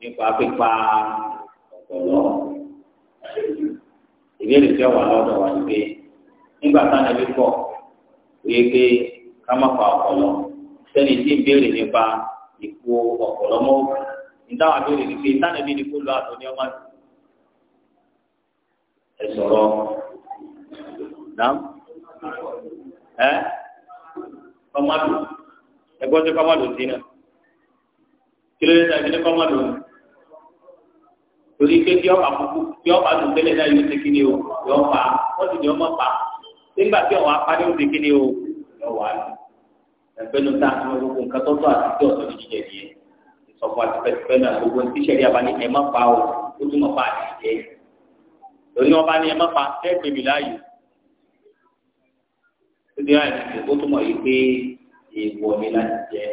Speaker 2: nípa pípa ọ̀pọ̀lọ́. ìbéèrè tí ó wà lọ́dọ̀ wà ní pé nígbà táwọn ẹbí pọ̀ wíyé pé ká má pa ọ̀pọ̀lọ́ sẹ́ni tí ń béèrè nípa ìkó ọ̀pọ̀lọ́ mọ́ òkú ìdáwà béèrè ní pé táwọn ẹbí ni kó lọ àtọ̀ ní ọmọ àti ẹ sọ̀rọ̀ dám ẹ kọ́mádù ẹ gbọ́dọ̀ kọ́mádù sí náà kí ló dé sáà ìdílé kọ́mádù torí pé bí ọba kúkú bí ọba dùn tẹ́lẹ̀ náà yóò ṣe kí ni o yọ pa wọ́n sì ní ọmọ pa nígbà tí ọ̀wá parí ó ṣe kí ni o yọ wà á lò ẹgbẹ́nu tá a ti mọ gbogbo nǹkan tó tó àti tí ọ̀tọ̀ ní jíjẹ nìyẹn ìsọ̀kun àti pẹ̀tipẹ́ náà gbogbo ní tíṣẹ̀rí abalẹ̀ ẹ̀ má pa o ó túmọ̀ pa àtijẹ́ lórí ọba ni ẹ má pa ẹ pè mí láàyè títí láì ní ìdìbò tó mọ̀ yìí pé èèwọ̀ mi láti jẹ́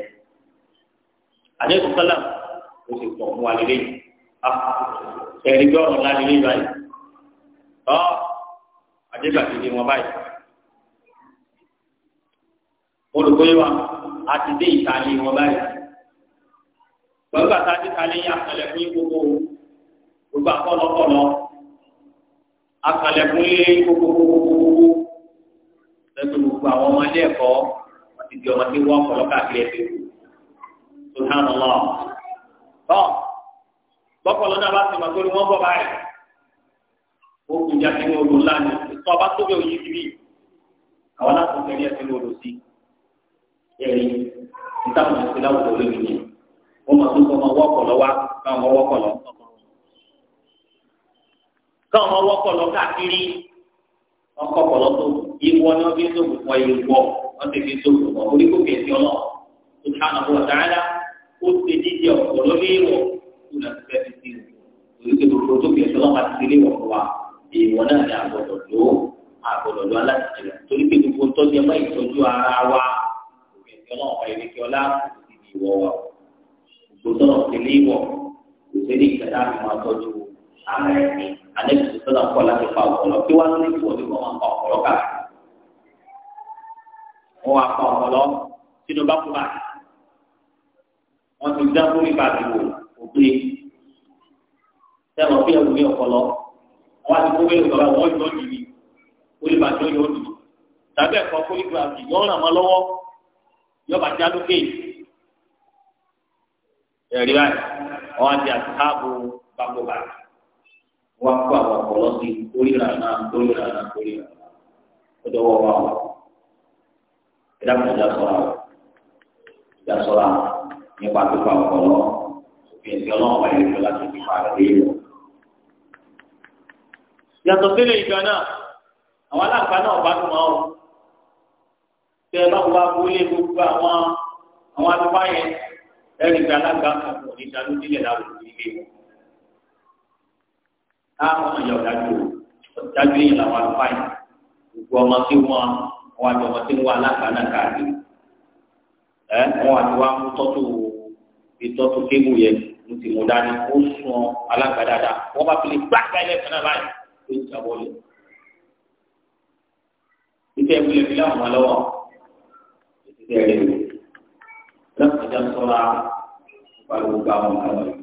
Speaker 2: àdéhùn sọ́lá ó sì pọ̀ fún wa lélẹ́yìn. Ah, ẹ̀rí gbọ́rọ̀ láti àdébàtì ni ti dé wọn báyìí. a ti àkàlẹ̀ fún gbogbo gbogbo akọ́lọ́kọ́lọ́ fún ilé gbogbo gbogbo gbogbo àwọn ẹ̀kọ́ wọ́n ti di bọ́kọ̀lọ́ náà bá ti mọ̀ pé wọ́n bọ̀ báyìí ó kù já sínú odò ńlá ni ìtọ́ ọba tó bẹ̀ òyì síbí àwọn aláṣọ tẹ̀lé ẹ̀ sínú odò sí ẹ̀rí ìtàkùn àti láwùjọ olómi ni wọ́n máa tún kọ́ ọmọ wọ́kọ̀lọ́ wá káwọn wọ́kọ̀lọ́ káwọn wọ́kọ̀lọ́ káàkiri ọkọ̀ kọ̀lọ́ tó ìwọ ni wọ́n fi ń tó kùkọ́ ìwọ wọ́n ti fi ń tó kùkọ́ orí kò fi ẹ̀sìn ọlọ́ subhanahu ta'ala ó ti dídì ọ̀pọ̀ oríṣi gbogbo tó kẹ̀ tó lọ́pàá ti lé wọ̀ fún wa èèwọ̀ náà ni àgbọ̀dọ̀ ló àgbọ̀dọ̀ ló aláṣẹjẹ torí pé gbogbo tó jẹ mọ́ ìtọ́jú ara wa òkè tó náà wà ìrèké ọlá kò sì ní ìwọ wa gbogbo tó náà ti lé wọ̀ kò sí ní ìkẹta àti máa tọ́jú ara ẹni alẹ́kùnrin tó náà kọ́ láti pa ọ̀pọ̀lọ́ kí wá ló ní ìwọ ní wọ́n máa pa ọ̀pọ̀lọ́ kà wọ́n wá pa ọ̀pọ̀lọ́ sínú bákúbà wọ́n ti dá fún ìbàdí wò ó pé sẹ́nu fún ẹ̀rù mi ọ̀pọ̀lọ́ wọ́n ti kó wẹ́rù bàbá wọ́n yóò dì mí olùbàdàn yóò dì tàbí ẹ̀kọ́ fólígrafì yóò ràn mọ́ lọ́wọ́ yọba já lókè ẹ̀rí báyìí wọ́n ti àtàbò bàbòbà wọ́n kó àwọn ọ̀pọ̀lọ́ sí oríra náà oríra náà oríra náà ó dọ́wọ́ wà kan ìjà sọ̀rọ̀ ìjà sọ̀rọ̀ nípa pípa ọ̀pọ̀lọ́ òfin ẹ̀sìn ọlọ́run wáyé ìjọ láti fi pa àrẹ̀ lé wọn yàtọ̀ sílẹ̀ ìgbà náà àwọn aláǹfà náà bá dùn ọ́ tẹ ẹ bá wọ abúlé gbogbo àwọn àwọn alùpà yẹn ẹ̀rì ìgbà alága kan kò ní ìdánú sílẹ̀ láwùjọ ilé wọn. táwọn ọmọ ìyá ọ̀dájú ọ̀dájú yìí làwọn alùpà yẹn gbogbo ọmọ tí wọn àwọn àti ọmọ tí wọn aláǹfà náà káàkiri ẹ wọn àti wọn mú tọ́tù ìtọ́tù kébù yẹn mo ti mú dání ó sún alága dáadáa wọn bá fi lè gbàgbà ẹlẹ́fẹ̀ náà báyìí tó ń jábọ́ lẹ̀. Ìfẹ́ ìpínlẹ̀ fi láwọn máa lọ́wọ́ ìfẹ́ rẹ̀ rẹ̀. Lọ́kànjá sọ́ra pariwo gba àwọn ọ̀gá rẹ̀.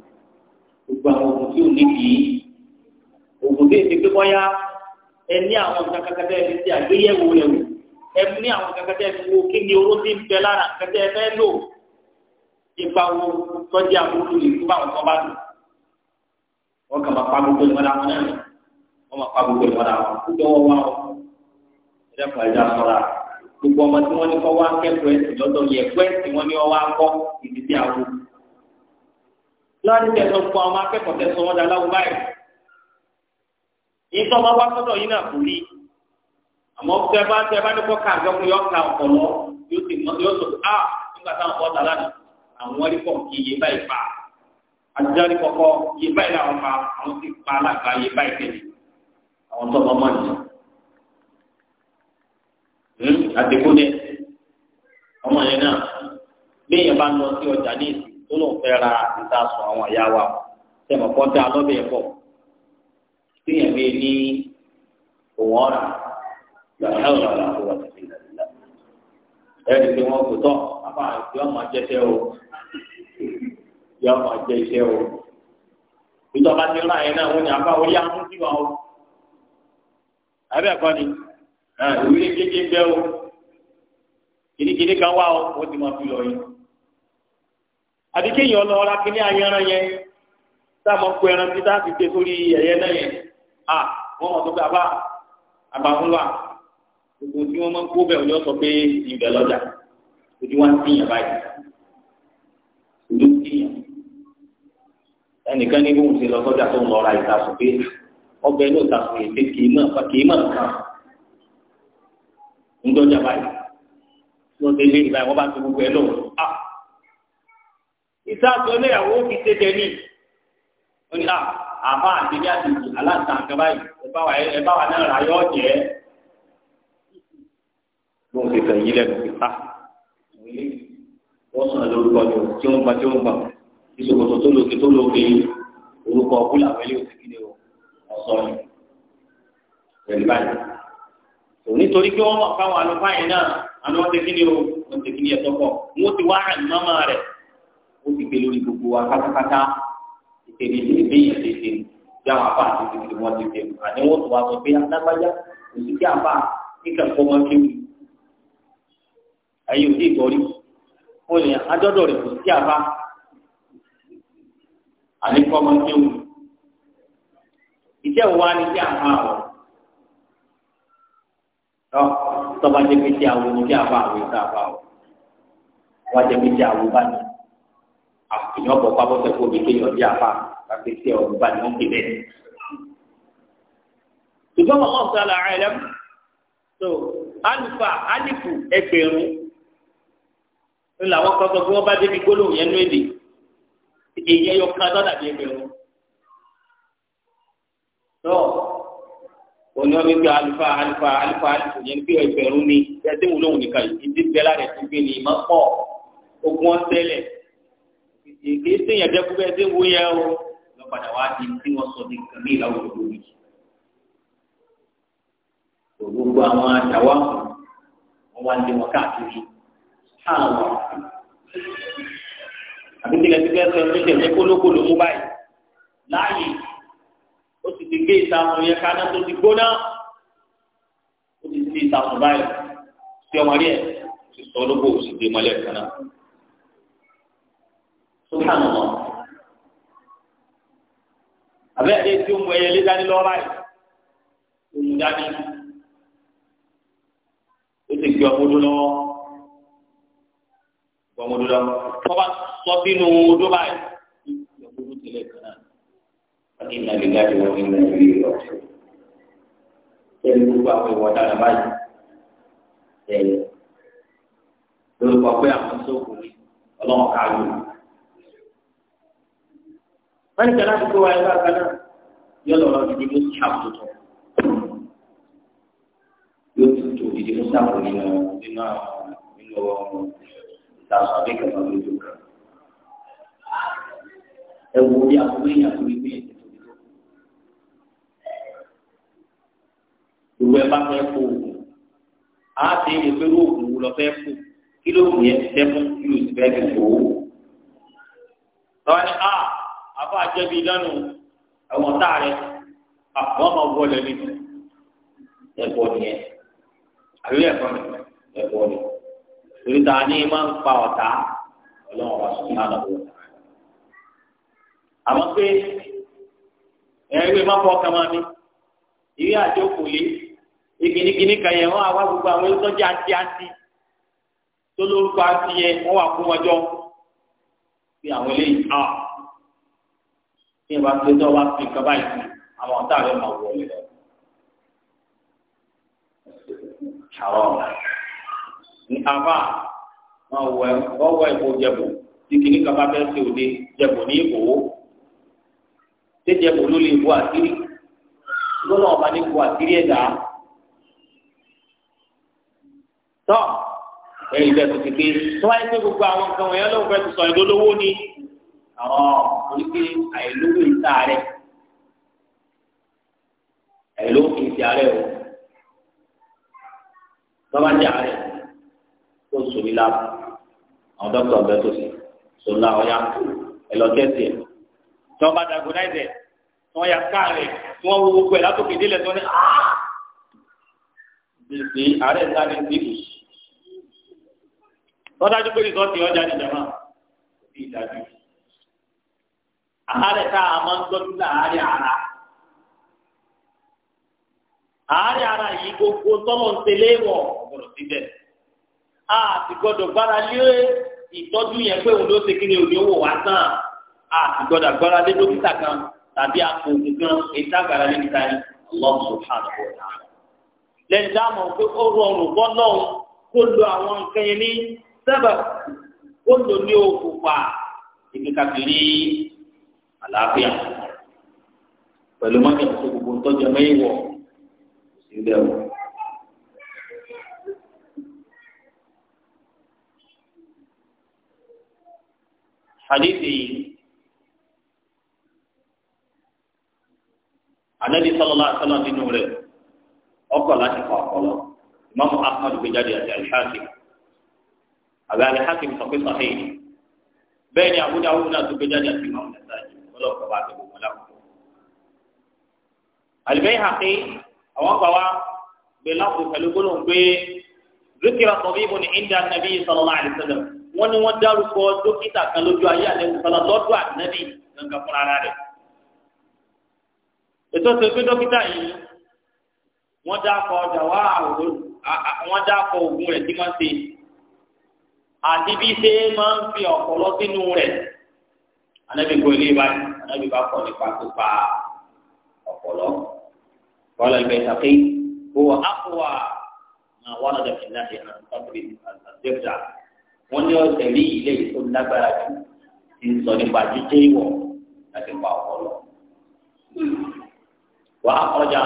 Speaker 2: Gbogbo àwọn ogun tí ò níbi ogun tó ti gbé bọ́yá ẹ ní àwọn kankankatẹ́ ẹni tí àgbéyẹ̀wò rẹ̀ wò. Ẹ ní àwọn kankankatẹ́ ẹni wo kí ni oró ti ń bẹ lára kankankatẹ́ ẹ fẹ́ lò. Ipa wo tọ́jú àbúrò yìí fún àwọn kan bá lò. Wọ́n kà máa pa gbogbo ìmọ̀ra wọn náà wọn máa pa gbogbo ìmọ̀ra wọn kújọ wọn wá wọn ẹ̀dẹ́kun ẹ̀dá sọ̀ra gbogbo ọmọ tí wọ́n ní kọ́ wá kẹ́kọ̀ọ́ ẹ̀sìn lọ́dọ̀ yẹ ẹ̀kọ́ ẹ̀sìn wọn ní wọ́n wá kọ́ ìdíje àwọ. lọ́ọ̀dì tẹ̀sán fún ọmọ akẹ́kọ̀ọ́ tẹ̀sán wọn daláwo báyìí. yìí tọ́mọ wá sọ́dọ̀ yìí náà kò rí àmọ́ tẹ bá tẹ bá ní kọ́ ká àgbẹ̀kùn yọ ká ọ̀pọ̀ lọ yóò sì yóò sọ a ah, nígbà táwọn ọ̀tá lánàá àwọn rí pọ̀ kí iye báyìí pa àtijọ́ rí kọ̀kọ́ iye báyìí làwọn pa àwọn sì pa alága iye báyìí tẹ̀lé àwọn tó ọmọ mọ́ni. àtẹ̀kọ́ dẹ ọmọ yẹn náà bí èèyàn bá ń lọ sí ọjà ní ìsìn tó lóun fẹ́ ra ìta sùn àwọn àyà wa tẹ̀mọ̀ kọ́ dá lọ́bẹ̀ ẹ̀fọ́ bí èèyàn bí ní òun ọ̀rà lọ́wọ́ lọ́wọ́ lọ́wọ́ wọ́n ti fi ẹni tí wọn kò tọ àbá yọọ máa jẹsẹ o yọọ máa jẹsẹ o ìjọba ti rán yẹn náà wọn ni àbá orí amúdíwà o abẹ́ ẹ̀kọ́ ni ah, ìwúrí kékeré ń bẹ́ o kìnnìkìnnì kan wá o ó ti máa fi lọ yìí. àbí kéèyàn lọ ọ̀la kínní ayẹran yẹn sáàmọ̀ kó ẹran tí táà fi dé sórí ẹ̀yẹ náà yẹn à wọ́n mọ̀ tó fẹ́ àbá àbáfúnlá gbogbo tí wọ́n máa ń kó bẹ̀ ọ̀yọ́ sọ pé ìbẹ̀ lọ́jà ojú wa ń tìyàn báyìí ojú ń tìyàn ẹnìkan ní bóun ṣe lọ sọ́jà tó ń lọ ra ìta sọ pé ọbẹ̀ ní òtàkùn èdè kìí mọ̀ pa kìí mọ̀ nǹkan ńdọ́jà báyìí wọ́n ti lé ìgbà wọ́n bá ti gbogbo ẹ̀ lọ́wọ́ a ah! ìsáàtọ̀ oníyàwó fi ṣe tẹ̀lé wọ́n ní a ah, àbá àtẹ̀lé àtẹ̀lé aláǹtàǹkà báyìí ẹ bá wà náà ráyọ̀ jẹ́ wọ́n ti tẹ̀ yí lẹ́nu fi ah, pa wọ́n sọ̀rọ̀ lórúkọ ni tí wọ́n gba tí wọ́n gba ìṣòkòtò tó lókè tó lókè orúkọ ọkùnrin àwọn ilé òsì kìnìún ọ̀sọ́ ni pẹ̀lú báyìí. nítorí pé wọ́n mọ̀ káwọn àlùfáà yẹn náà àná wọ́n ti kí ni o wọ́n ti kí ni ẹ̀tọ́ pọ̀ wọ́n ti wá àyìn mọ́mọ́ rẹ̀ ó ti gbé lórí gbogbo wa pátápátá ìpèdè ìbéyàn ti ṣe bí àwọn àbá àti ìpèdè wọn ti ṣe àní wọ́n tó wá sọ pé adágbájá kò sí kí àbá kíkẹ́kọ̀ọ́ máa kéwì ayé òde ìtọ́rí wọn ni adọ́dọ̀ rẹ̀ kò sí àbá àní kọ́ máa kéwì iṣẹ́ wa ni kí a fa àwọ̀ tọ́ tọ́ba jẹ́ pé tí àwọn oníkí àfa àwọ̀ ìta àfa àwọ̀ wá jẹ́ pé tí àwọn bá ní àfihàn bọ̀ pábọ́sẹ̀ kó mi kéèyàn bí àfa àti tí àwọn bá ní wọ́n pè bẹ́ẹ̀. ṣùgbọ́n wọn ọ̀sán àlà ara ẹlẹ́mú tó alifa alifu ẹgbẹ̀rún ńlá wọn kọ́ sọ pé wọ́n bá débi gbólóhùn yẹn nú èdè èyí ẹyọ kan tó dàbí ẹgbẹ̀rún tó òní wọn gbé alifa alifa alifa alifa yẹn gbé ẹgbẹ̀rún ni ẹdín wúlò wù nìkan yìí ìdí bẹ́ẹ̀ lára ẹ̀sìn gbé ni ìmọ̀ pọ̀ ogun ọ̀sẹ̀lẹ̀ kìí sí ìyànjẹ́ kú bẹ́ẹ̀ ẹdín wú yẹ o lọ́padà wá di tí wọ́n sọ di nǹkan ní ìlàwọ̀ lórí gbogbo àwọn àtàwọn wọn wá lé wọn káàkiri sáà wọn àbí tilẹ̀ ti bẹ́ẹ̀ sọ ẹ̀ ń tẹ̀lé kólókòló mú báyìí láàyè ti gbé ìtàkùn yẹn kaná tó ti gbóná ó ti ti ìtàkùn báyìí tí ọmọ rí ẹ ti sọ lóko òsì dé mọ́lẹ̀ kaná. tó kà mọ́ abẹ́ ẹ̀ tí ó mú ẹyẹ lé lọ́wọ́ báyìí ó mú dání ó ti gbé ọmọdé lọ́wọ́ ọmọdé lọ́wọ́ tọ́ba sọ sínú odó báyìí iná lè láti wọ́n nínú ìrírí ọ̀tún. Ṣẹ́ni gbogbo àwọn ìwọ̀n dára báyìí. Ṣẹ́ni lórúkọ pé àwọn sóògùn ni ọlọ́run ká lò. Wọ́n ní kí aláàbò tó wá ẹgbẹ́ àgbàdo yóò lọ́ọ́ dídí ló ti àbò tuntun. Yóò tutù dídí ló sàbò nínú nínú àwọn nínú ìtàkùn àbíkẹ́ náà lójú kan. Ẹ wo bí àkókò èèyàn tó rí bẹ́ẹ̀ ìwé ẹ bá fẹ́ kó oògùn á ti ń pé oògùn wo lọ fẹ́ kó kí ló ń yẹ sẹ́fún kí ló sì fẹ́ fi kó o. lọ́wọ́ a ah, àbá jẹ́bi lẹ́nu ẹ̀wọ̀n tá a rẹ̀ àwọn ọmọ wọlé ní ẹ̀bọ̀ nìyẹn àbí ẹ̀bọ̀ ni ẹ̀bọ̀ ni torí ta ni máa ń pa ọ̀tá ọlọ́run wa sùn náà lọ́wọ́. àmọ́ pé ẹ̀rí máa fọ́ ọkàn máa mi ìrí àjọkùnlé ìkíníkíní kan yẹn wọn àwa gbogbo àwọn ìtọ́jú àti àti tó lórúkọ àti yẹn wọn wà fún wọjọ bí àwọn eléyìí á bí ìbá tó tó wá fi nǹkan báyìí fún àwọn ọ̀tá rẹ̀ máa wọ ilẹ̀ àwọn ní àbá wọn wọ ẹ wọn wọ ẹ̀kọ́ jẹ̀bù tí kìnnìkan bá fẹ́ ṣe òde jẹ̀bù ní ìkòwò tí jẹ̀bù ló lè bu àṣírí gbọ́dọ̀ ọba ní bu àṣírí ẹ̀dá tọ́ ẹ̀yin lẹ́tọ̀ ti pé tó wáyé pé gbogbo àwọn nǹkan wọ̀nyẹn ló ń fẹ́ ti sọ èdè olówó ni àwọn oníke àìlówó ìta rẹ̀ àìlówó kì í ti àárẹ̀ o tọ́ba jẹ́ àárẹ̀ tó sùn ní láàbù àwọn dókítà ọ̀bẹ tó sì sùn láàbù ọ̀yà ẹ̀ lọ tẹ́sí ẹ̀ tọ́ba dàgbọ́dáìdẹ̀ tí wọ́n ya káàrẹ̀ tí wọ́n wo gbogbo ẹ̀ látòkè délẹ̀ tó ní àá bèbè àárẹ̀ sáré ní ìbùs tọ́dájú pé rìsọ́ọ̀tì ọjà nìjọba kò sí ìdájú. àárẹ̀ tá a máa ń tọ́jú láàárẹ̀ ara àárẹ̀ ara yìí gbogbo tọ́lọ̀ ń tẹ̀lé wọ̀ ọ̀gbọ̀rọ̀ síbẹ̀ a ti gbọ́dọ̀ gbára lé ìtọ́jú yẹn pé òun ló ṣe kí ni òní owó wá tán a ti gbọ́dọ̀ gbára lé dókítà kan tàbí àpò òkùnkàn èyí tá a gbára lé níta yìí lọ́wọ́ subhanahu wa ta'ala lẹ́yìn dáàmú pé ó rọrùn bọ́ náà kó lo àwọn nǹkan yẹn ní sábà gbọ́dọ̀ ní pa ìgbékàkiri àlàáfíà pẹ̀lú mọ́tò tó gbogbo tọ́jú mẹ́wọ̀ sílẹ̀ o. hadithi anabi sallallahu alaihi àgbà ní hakim sọ pé sọhí bẹ́ẹ̀ ni àbúdá owó náà tó gbé jáde àti ìmọ̀ ọ̀nà sáájú ọlọ́ọ̀kọ́ bá ti gbogbo lákòókò. àlùbẹ́yìn hàkí àwọn gbà wá gbé lápò pẹ̀lú gbólóhùn pé zikira sọ bíbu ní inda nabi sallallahu alaihi wọn ni wọn dárúkọ dókítà kan lójú ayé àlẹkùn sọlá lọ́dọ̀ ànábì gangan fúnra rẹ̀ ètò ìsèpé dókítà yìí wọn dákọ ọjà wá àwọn wọn dákọ òògùn rẹ̀ tí wọn àti bí ṣe máa ń fi ọ̀pọ̀lọ́ sínú rẹ̀ anabi kò ilé ibà anabi bá kọ́ nípa pípa ọ̀pọ̀lọ́ kọ́lá ìgbà ìsàké huwa aqwa ma warada fi láti hàn sọ́kùnrin àgbẹ̀dà wọ́n ní ọ̀sẹ̀ ní ilé ìtò lágbára jù ti sọ nípa jíjẹ́ ìwọ̀ láti pa ọ̀pọ̀lọ́. wà á kọjá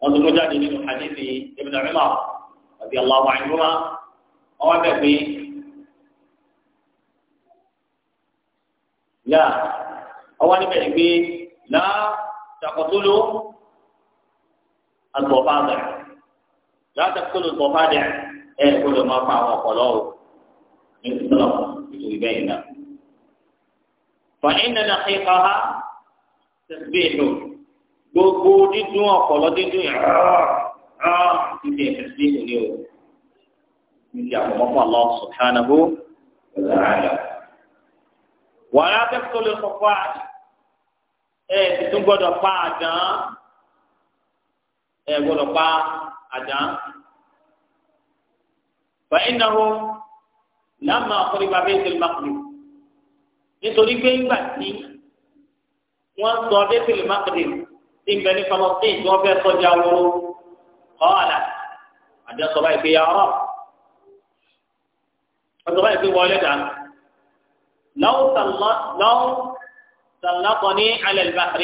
Speaker 2: wọn tó kọjá nínú hadithi ibn Umar radiyallahu anhuma wọn bẹ̀ pé. là ọwọ́ níbẹ̀ ni pé là takọ̀tolo àgbọ̀fà dẹ̀ là takọ̀tolo àgbọ̀fà dẹ̀ ẹ̀ gbọ́dọ̀ máa fa àwọn ọ̀pọ̀lọ́ ah, ah, o ní ìsọ̀rọ̀ nítorí bẹ́ẹ̀ náà. fàyín nana xèkà ha tẹ̀síbẹ̀ lò gbogbo dídún ọ̀pọ̀lọ́ dídún yẹn ìdè tẹ̀síbẹ̀ lò ní o. ní ti àkọ́kọ́ Allah subhanahu wàrà tẹ́kọ̀tọ̀ lè kọ̀kọ́ àdì ẹ ti tún gbọ́dọ̀ pa àdán ẹ gbọ́dọ̀ pa àdán. fàyínàwó lámà ọkùnrin bàbá ètò ìmàkùnrin nítorí pé ńgbà tí wọ́n sọ ètò ìmàkùnrin tí ń bẹ ní Palestine tí wọ́n fẹ́ sọ́jà wọ́n kọ́ọ̀là àdán sọ báyìí pé yà ọ̀rọ̀ wọ́n báyìí pé wọ́n lẹ́dàá. لو لو سلطني على البحر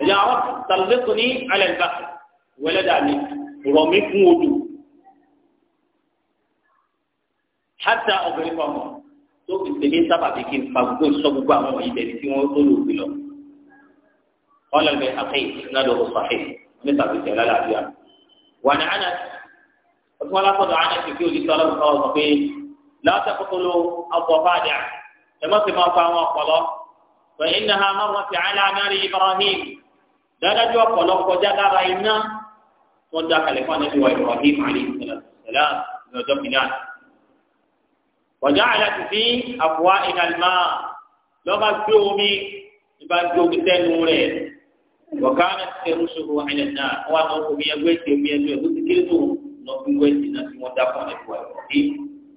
Speaker 2: يا رب سلطني على البحر ولد علي رمي حتى أغرقه تو fi tèmi sábà bí kí n fa gbogbo sọ gbogbo àwọn قال البيهقي إسناده صحيح مثل في الألعاب وأنا أنا وقال قد عن أنس في كل صلاة صلاة látàkùtùlù àgbọ̀fàdà ẹ má sì máa fa àwọn ọ̀pọ̀lọ́ fẹ̀yìn náà ha máa fi àlẹ́ anárí Ibrahim dáadájú ọ̀pọ̀lọ́ kọjá lára iná tó dá kalẹ̀ fún ànábì wa Ibrahim alayhi salam ní ọjọ́ kìnnìkan. wọ́n já àlẹ́ títí àbúwá ìhàlmá lọ́ba gbé omi ìbá gbé omi sẹ́nu rẹ̀ wọ̀kánà ti ṣòro àyẹ̀ náà wọ́n á lọ omi ẹgbẹ́ ti omi ẹgbẹ́ ó ti kéré tó lọ fún wẹ́ẹ̀sì náà tí wọ́n dá fún Ibrahim.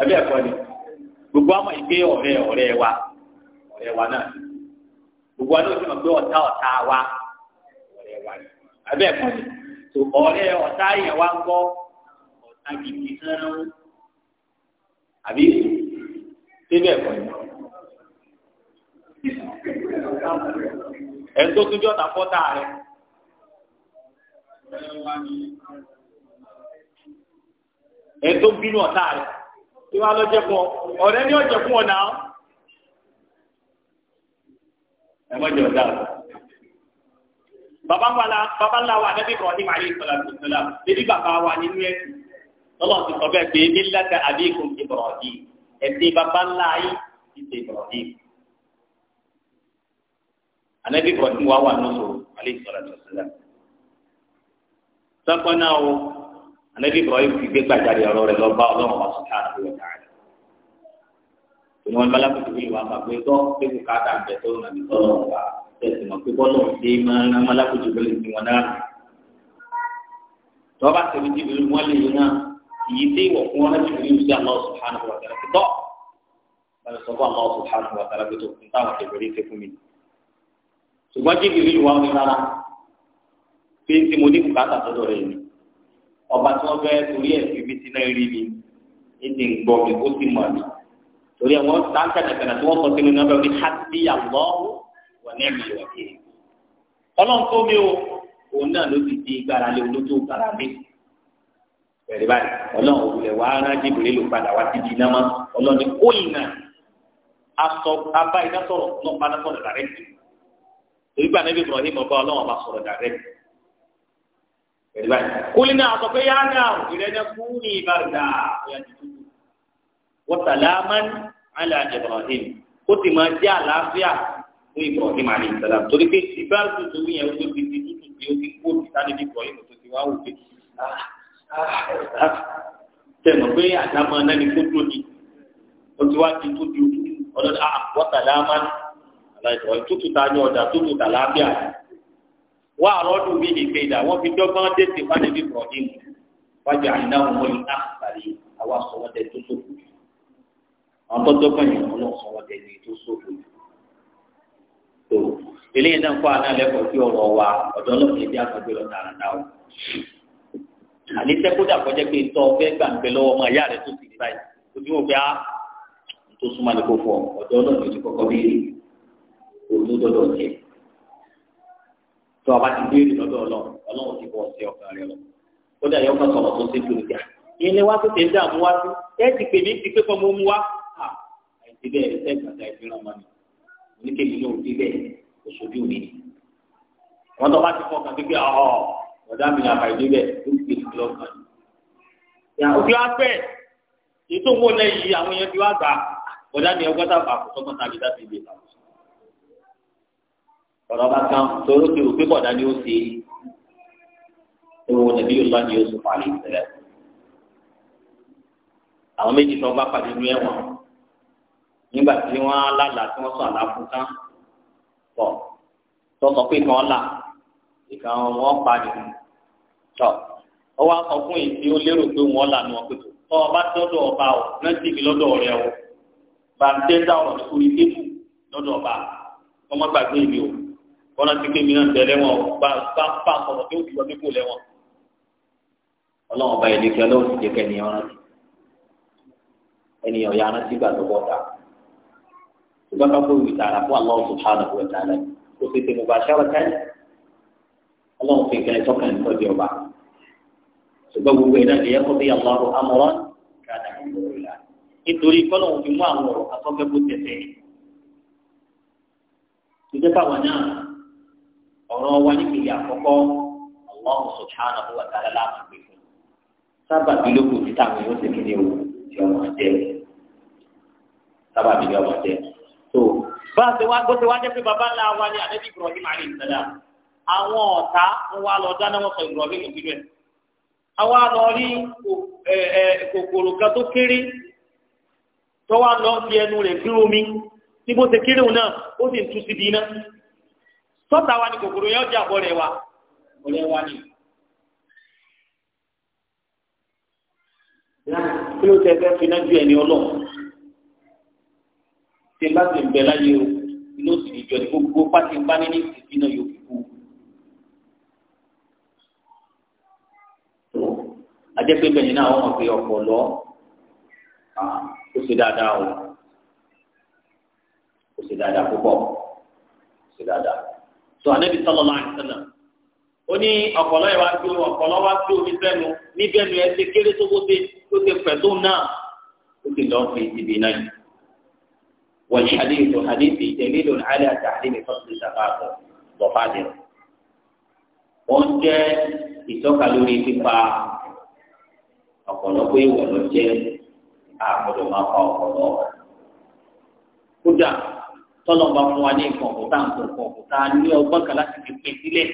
Speaker 2: àbí ẹ̀kọ́ ni gbogbo àmọ́ ìgbé ọ̀rẹ́ ọ̀rẹ́ wa ọ̀rẹ́ wa náà gbogbo àná òsì mọ̀ ọ̀tá ọ̀tá wa ọ̀rẹ́ wa ni àbí ẹ̀kọ́ ni tó ọ̀rẹ́ ọ̀tá yẹn wá ń kọ́ ọ̀tá gidi sẹ́rán àbí síbẹ̀ ẹ̀kọ́ ni ẹ̀ tó tún jọ́ta fọ́tà rẹ̀ ẹ̀ tó bínú ọ̀tá rẹ̀. tí wàá lọ jẹ fún ọ ọ̀rẹ́ ni ọjọ́ fún ọ náà ẹ mọjọ ọdá baba ńlá baba ńlá wa anabi ibrahim alayhi salatu salam ebi baba wa nínú ẹ lọlọ ti sọ bẹ́ẹ̀ pé nílẹkẹ abikum ibrahim ẹsẹ baba ńlá yìí ti ṣe ibrahim anabi ibrahim wa wà nínú sọ alayhi salatu salam sọpọ náà o anabi ibrahim fi gbé gbàjáde ọ̀rọ̀ rẹ̀ lọ bá ọlọ́run wa sọ̀tà àti wọ̀ dáadé ìwọ ní bala kutubu yìí wà á gbé gbọ́ pé kò káàtà ń bẹ tó ń nàbí tọ́lọ̀ wà tẹ̀sí mọ̀ pé bọ́lọ̀ ṣe máa ń bala kutubu yìí ti wọn náà tọ́ba tẹ̀lé jìbìrì wọn lè yín náà èyí tí ìwọ̀ fún wọn láti fi ṣe àlọ́ sùhánù wà tẹ̀lé fi tọ́ bẹ́ẹ̀ sọ fún àlọ́ sùhánù wà tẹ̀lé fi tó fún táwọn tẹ̀lé fi fún mi ṣùgbọ́n jìbìrì wọn ní rárá pé tí mo ní bùkátà tọ́lọ̀ rẹ̀ ọba tí wọ́n fẹ́ torí ẹ̀ fi bíi sínú rí mi ètè ń gbọ́ mi kó sì mọ̀ mi torí ẹ̀ wọ́n tá kàdàkàdà tí wọ́n sọ sínú náà bẹ́ẹ̀ ní hàbí àlọ́ wọ̀ ní ẹ̀mí ìwà kiri ọlọ́run tó mi o òun náà ló ti di gbára lé olójú gbára mi bẹ̀rẹ̀ báyìí ọlọ́run òwúlẹ̀ wá rájì bèrè ló padà wá ti di iná mọ́ ọlọ́run ní kó ìnà asọ abá iná sọ̀rọ̀ náà padà sọ̀rọ̀ dàrẹ́tì torí gbà níbi Ibrahim ọba ọlọ́run ọba sọ̀rọ̀ dàrẹ́tì ẹ̀dùbà kúlí náà sọ pé yáa náà ìrẹ́nà kúni ìbàdà ọ̀yà tuntun wọ́n sàlámán àlà Ibrahim ó sì máa jẹ́ àlàáfíà fún Ibrahim àlè ìsàlám torí pé ìbá tuntun yẹn ó ti di tuntun tí ó ti kó ìsáré bí Ibrahim tó ti wá wò pé tẹ̀mọ̀ pé àdámọ́ náà ni kó tó di ó ti wá di tó di ojú ọlọ́dún àwọn wọ́n sàlámán àlà Ibrahim tuntun ta ni ọ̀dà tuntun ta láàbíà wà á rọ́dù bí ìgbé ìdá wọ́n fi dọ́gbọ́n tètè wá níbi bọ̀dé mu wájú àyìnlá wọn wọ́n yìí àkàrí àwa sọ̀wọ́ tẹ tó sófò jù
Speaker 1: àwọn tó dọ́gbọ́n yìí
Speaker 2: wọn lọ sọ̀wọ́ So, ní tó sófò jù. tó eléyìí náà kọ́ àná lẹ́kọ̀ọ́ sí ọ̀rọ̀ wa ọ̀dọ́ ọlọ́pàá ẹ̀dí àkọ́jọ́ lọ tààrà dá o. àní sẹ́kódà kọjá pé tọ́ fẹ́ gbàǹgbẹ́ lọ́wọ́ ọmọ ìyá rẹ̀ tó sì ní báyìí ojú wọn to ah, tó súnmọ́ ní kó fọ ọ̀dọ́ ọlọ́pàá ẹ̀dí kọ́kọ́ bí òun ló dọ́dọ̀ jẹ́ tó a bá ti béèrè lọ́dọ̀ ọlọ́run ọlọ́run ti bọ̀ ọ̀sẹ̀ ọ̀gá rẹ lọ kódà yọ ọkàn sọ̀rọ̀ tó ṣe tó ìjà ìyẹn ni wá tó ṣe ń dààmú wá sí ẹ ti pè mí ti pé fọmọ mu wá àìsí bẹ́ẹ̀ ẹ gbàgbà ìfihàn mọ́ni oníkèmí ló ń fi bẹ́ẹ̀ oṣooju mi wọn tó bá ti fọkàn sí pé ọ̀ ọ̀dà mi làbà ìdí bẹ́ẹ̀ ló ń gbèsè lọ́kàn yàtọ̀ tí wàá pẹ́ ètò owó lẹ́yìn àwọn èèyàn ti wá gbà ọ̀dà mi ọgọ́ta ọ̀rọ̀ kan torí pé òpé bọ̀dá ni ó ṣe ewu nàbí yorùbá ni yóò sùn fún àlè àwọn méjì tó bá pàdé ní ẹ̀wọ̀n nígbà tí wọ́n lálà tí wọ́n sọ àlàfo tán pọ̀ tọ́sọ pé kan là ìkan wọ́n parí tọ́ ọ wá sọ fún yìí tí ó lérò pé wọ́n là ní wọn pé tọ́ ọba tọ́dọ̀ ọba ọ̀ náà sì fi lọ́dọ̀ rẹ o bàtẹ́ńdà ọ̀rọ̀ sórí tébù lọ́dọ̀ ọba ọmọ gbàgbé mi o wọn láti ké mi náà tẹ lẹ́wọ̀n bá bá bá ọ̀rọ̀ tó ti lọ nípò lẹ́wọ̀n ọlọ́run ọba ìdíkẹ ọlọ́run ti jẹ kẹnìyàn rántí ẹnìyàn ya rántí gbà tó bọ ta ṣùgbọ́n ká bóyú ìtara fún Allah subhanahu wa ta'ala kó tètè mo bá ṣáwọ táyì ọlọ́run fi kẹrẹ tọkàn ní tọjú ọba ṣùgbọ́n gbogbo iná ìyẹn kó bí Allahu amran káàdà nítorí kọlọ́run fi mú àwọn ọ̀rọ̀ ọ̀rọ̀ wa nípele àkọ́kọ́ Allah subhanahu wa ta'ala láàmú gbé fún un sábà bí ló kù títà àwọn yóò ṣe kí ni o ti ọmọ jẹ sábà bí ló ọmọ jẹ tó bá a ṣe wá gbọ́ ṣe wá jẹ́ pé bàbá ńlá wa ni àdébí Ibrahim alayhi salam àwọn ọ̀tá ń wá lọ dáná wọn sọ Ibrahim nínú àwa lọ rí kòkòrò kan tó kéré tó lọ fi ẹnu rẹ̀ dúró mi ní bó ṣe kéré òun náà ó sì ń síbi náà sọ́tà wa ni kòkòrò yẹn ó jà bọ́ rẹ̀ wa ọ̀rẹ́ wa ni. kí ló tẹ fẹ́ finá ju ẹni ọlọ́run tẹ bá ti ń bẹ láyé o inú sì ní ìjọ ní gbogbo pátí bá ní ní ìsìnkú yóò fi kú. ajẹ́pẹ́ bẹ́ẹ̀ ni náà wọ́n mọ̀ pé ọ̀pọ̀ lọ ó ṣe dáadáa o ó ṣe dáadáa púpọ̀ ó ṣe dáadáa sọ anabi sallallahu alaihi wasallam ó ní ọ̀pọ̀lọ́ yẹn wá gbé omi ọ̀pọ̀lọ́ wá gbé omi sẹ́nu níbẹ̀ nu ẹ ṣe kéré tó kó ṣe tó ṣe pẹ̀ náà ó ti lọ́ọ́ fi ibi náà yìí. والحديث حديث دليل على تحريم فصل التفاضل ضفادر wọ́n jẹ́ ìtọ́ka lórí pípa ọ̀pọ̀lọpọ̀ ìwọ̀ ló jẹ́ àgbọ̀dọ̀ máa pa ọ̀pọ̀lọ. kódà tọ́lọ̀ bá fún wa ní nǹkan ọ̀kọ̀tà nǹkan ọ̀kọ̀tà ní ọgbọ́n kan láti fi pè sílẹ̀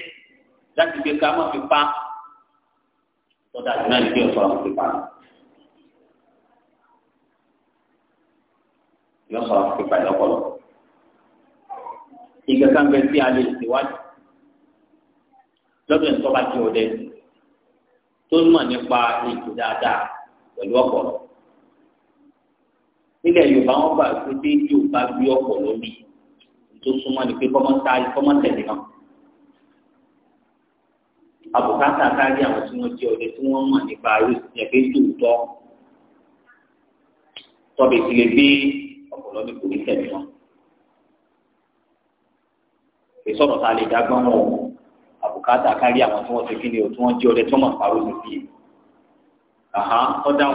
Speaker 2: láti fi ká má fi pa tọ́da jù náà ní bí ọ̀tọ̀ àwọn fi pa. yọ sọ̀rọ̀ àwọn fi pa ìlọ́pọ̀lọ́. ìgbà kan bẹ sí alẹ́ ìṣèwádìí lọ́dún ìtọ́ba ti ọdẹ tó mọ̀ nípa ètò dáadáa pẹ̀lú ọ̀pọ̀lọ́ nílẹ̀ yorùbá wọn gbà pé pé yorùbá gbé ọ̀pọ̀ lórí tó súnmọ́ ni pé kọ́mọ́tà kọ́mọ́tẹ̀lẹ̀ náà àbùkátà kárí àwọn tí wọ́n jẹ́ ọdẹ tí wọ́n mọ̀ nípa ayé ìsìnyẹ pé tòótọ́ tọ́bi ti lè gbé ọ̀pọ̀lọ́ ní kò ní tẹ̀lé wọn. ìsọ̀rọ̀ ta lè dágbọ́n wọn o àbùkátà kárí àwọn tí wọ́n ti kí ni o tí wọ́n jẹ́ ọdẹ tí wọ́n mọ̀ nípa ayé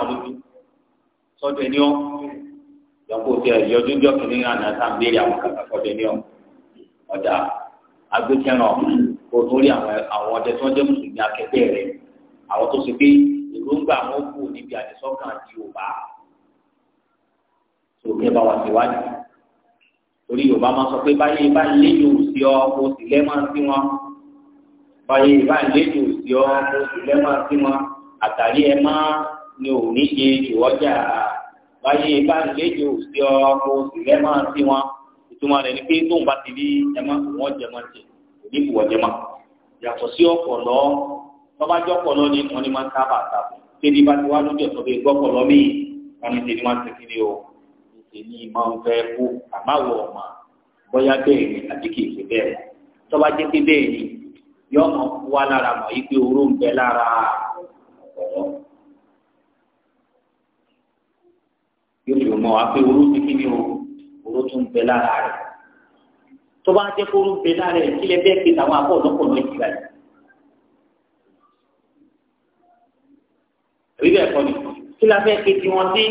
Speaker 2: ìsìnyẹ yọkó tẹ yọjú jọ kìíní àná tá à ń béèrè àwọn kàkà kọjọ ní ọjà agbẹkẹrán kó tó rí àwọn àwọn ọdẹ tí wọn jẹ mùsùlùmí akẹgbẹ́ rẹ̀ àwọn tó ṣe pé èròǹgbà wọn kú níbi àdìsọkàn àti yorùbá sókè bá wà síwájú torí yorùbá máa sọ pé báyìí bá lé yòó sí ọ kó sì lẹ́mọ̀ sí wọn báyìí bá lé yòó ọ kó sì lẹ́mọ̀ sí wọn àtàrí ẹ má ni ò ní ṣe ìwọ́jà á báyé káàlejò sí ọkọ òsì rẹ máa sí wọn ìtumọ̀ rẹ̀ ni pé tóun bá ti rí ẹmọ wọn jẹmọ tì ní ìwọ jẹmọ yàtọ̀ sí ọ̀pọ̀lọ́ tọ́bájọ́ ọ̀pọ̀lọ́ ni wọn ni máa ń sábà tàbí kéde bá ti wá lójú ẹ̀sọ́ pé gbọ́pọ̀lọ́ míì wọn ni tẹ̀lé máa ń tẹ̀lé o ìṣe ni máa ń fẹ́ kú àmàwọ̀ ọ̀mà bóyá bẹ́ẹ̀ ni àti kì í ṣe bẹ́ẹ̀ tọ́bájẹ́ pé bẹ́ẹ̀ ni yọ mọ́ wa pé oró ti kíni o oró tún bẹ lára rẹ̀ tó bá jẹ́ kó oró bẹ lára rẹ̀ kílẹ̀ bẹ́ẹ̀ pé àwọn abọ́ ọ̀dọ́kọ̀ náà ti ra yìí. èyí bẹ́ẹ̀ kọ́ ni kí la fẹ́ ké tí wọ́n dé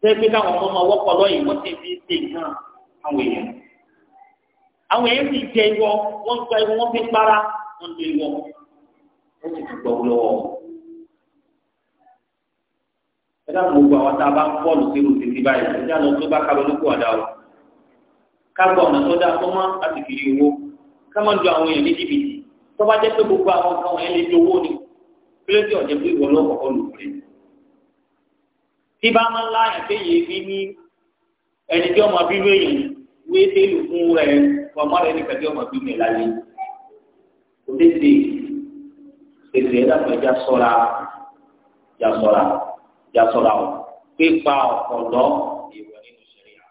Speaker 2: sẹ́ẹ̀kí káwọn ọmọ ọmọ wọ́pọ̀ lọ́yìn wọ́n ti fi ṣe nǹkan àwọn èèyàn àwọn èèyàn ti jẹ ìwọ wọ́n gba ìwọ wọ́n fi para wọ́n lo ìwọ wọ́n sì ti gbọ́ lọ́wọ́ wọn ẹ dá gbogbo àwọn tá bá ń bọ́ọ̀lù sínú títí báyìí ẹ dá tó bá ká lọ́lọ́kù ọ̀dà o ká gba ọ̀nà tó dáa fún mọ́ láti kiri owó ká má lu àwọn èèyàn ní jìbìtì tó bá jẹ́ pé gbogbo àwọn nǹkan wọ̀nyẹn lè di owó ni kílódé ọ̀jẹ̀ pé ìwọ lọ́kọ̀ kọ́ lù pé. tí bá máa ń lá pé yèé bí ní ẹni tí ọmọ bínú èèyàn wé télù fún rẹ ọmọ rẹ nìkan tí ọmọ bínú ẹ láyé kò tètè tètè ẹ yasọ̀rọ̀ àwọn pípa ọ̀pọ̀lọ́ ìwọ̀ nínú sẹ̀ríà.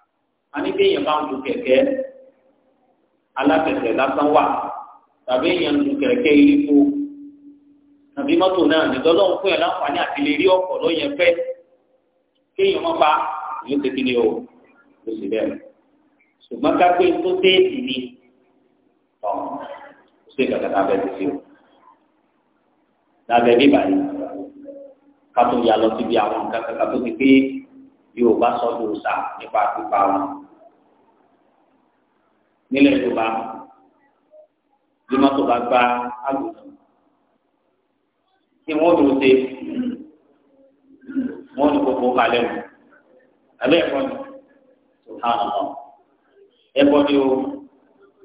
Speaker 2: a ní bí èèyàn bá ń du kẹ̀kẹ́ alákẹ̀kẹ́ lásán wà tàbí èèyàn ń du kẹ̀kẹ́ irípo tàbí mọ́tò náà nìdọ́lọ́ ń fún ẹ̀ láǹfààní àti lè rí ọ̀pọ̀lọ́ yẹn pẹ́ kéèyàn má pa ìlú kékeré o ló sì bẹ́ẹ̀ ṣùgbọ́n kápé tó déètì ni ọ̀ ṣé kàkàtà bẹ́ẹ̀ ti fi o lábẹ́ bíbáyìí kátó yà lọ síbi àwọn nǹkan kan kátó ti pé yorùbá sọdún ọ̀sà nípa pípa wọn. nílẹ̀ yorùbá bí mọ́tò bá gba àgùntàn kí wọ́n dúró ṣe wọ́n ní gbogbo balẹ̀ wọn abẹ́ ẹ̀kọ́ ni sùhánù náà ẹ̀kọ́ ni o